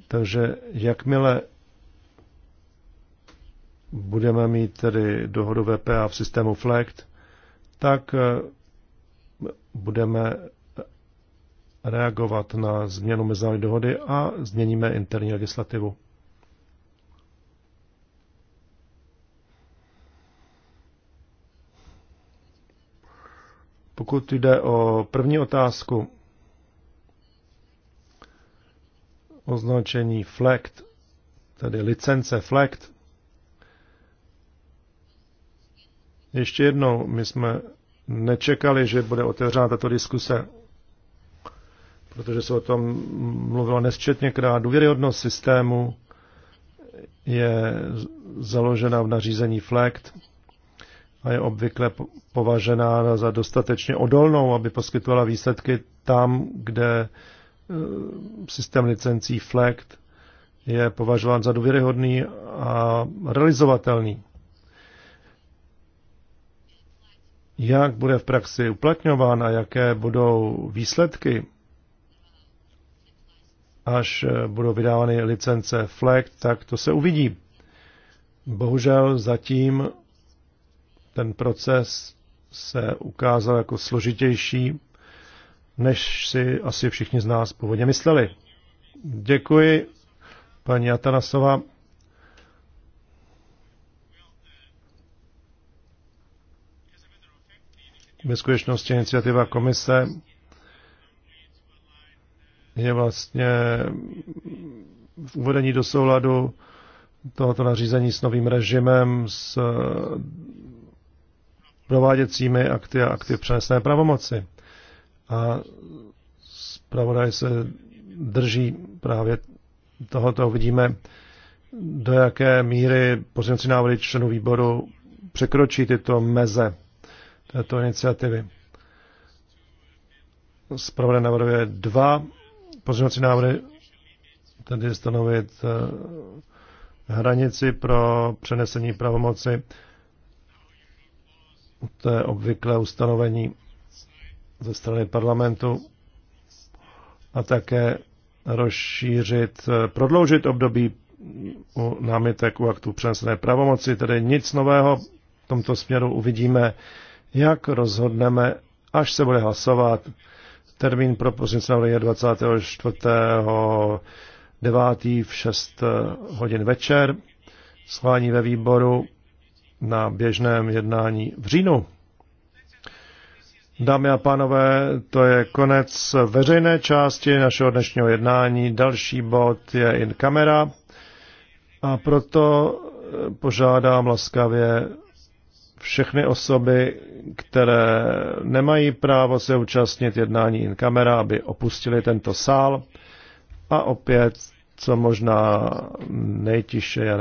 S1: Takže jakmile budeme mít tedy dohodu VPA v systému FLECT, tak budeme reagovat na změnu mezinárodní dohody a změníme interní legislativu. Pokud jde o první otázku, označení FLECT, tedy licence FLECT, ještě jednou, my jsme nečekali, že bude otevřena tato diskuse protože se o tom mluvilo nesčetněkrát. Důvěryhodnost systému je založena v nařízení FLECT a je obvykle považená za dostatečně odolnou, aby poskytovala výsledky tam, kde e, systém licencí FLECT je považován za důvěryhodný a realizovatelný. Jak bude v praxi uplatňován a jaké budou výsledky až eh, budou vydávány licence FLEG, tak to se uvidí. Bohužel zatím ten proces se ukázal jako složitější, než si asi všichni z nás původně mysleli. Děkuji, paní Atanasova. Ve skutečnosti iniciativa komise je vlastně v uvedení do souladu tohoto nařízení s novým režimem, s eh, prováděcími akty a akty přenesné pravomoci. A zpravodaj se drží právě tohoto. Vidíme, do jaké míry pozměnci návrhy členů výboru překročí tyto meze této iniciativy. Zpravodaj navrhuje dva pozměňovací návrhy tedy stanovit eh, hranici pro přenesení pravomoci. To je obvyklé ustanovení ze strany parlamentu a také rozšířit, eh, prodloužit období u námitek u aktu přenesené pravomoci, tedy nic nového v tomto směru uvidíme, jak rozhodneme, až se bude hlasovat. Termín pro prosince je 24. 9. v 6 hodin večer. Schválení ve výboru na běžném jednání v říjnu. Dámy a pánové, to je konec veřejné části našeho dnešního jednání. Další bod je in kamera a proto požádám laskavě všechny osoby, které nemají právo se účastnit jednání in kamera, aby opustili tento sál a opět co možná nejtiše a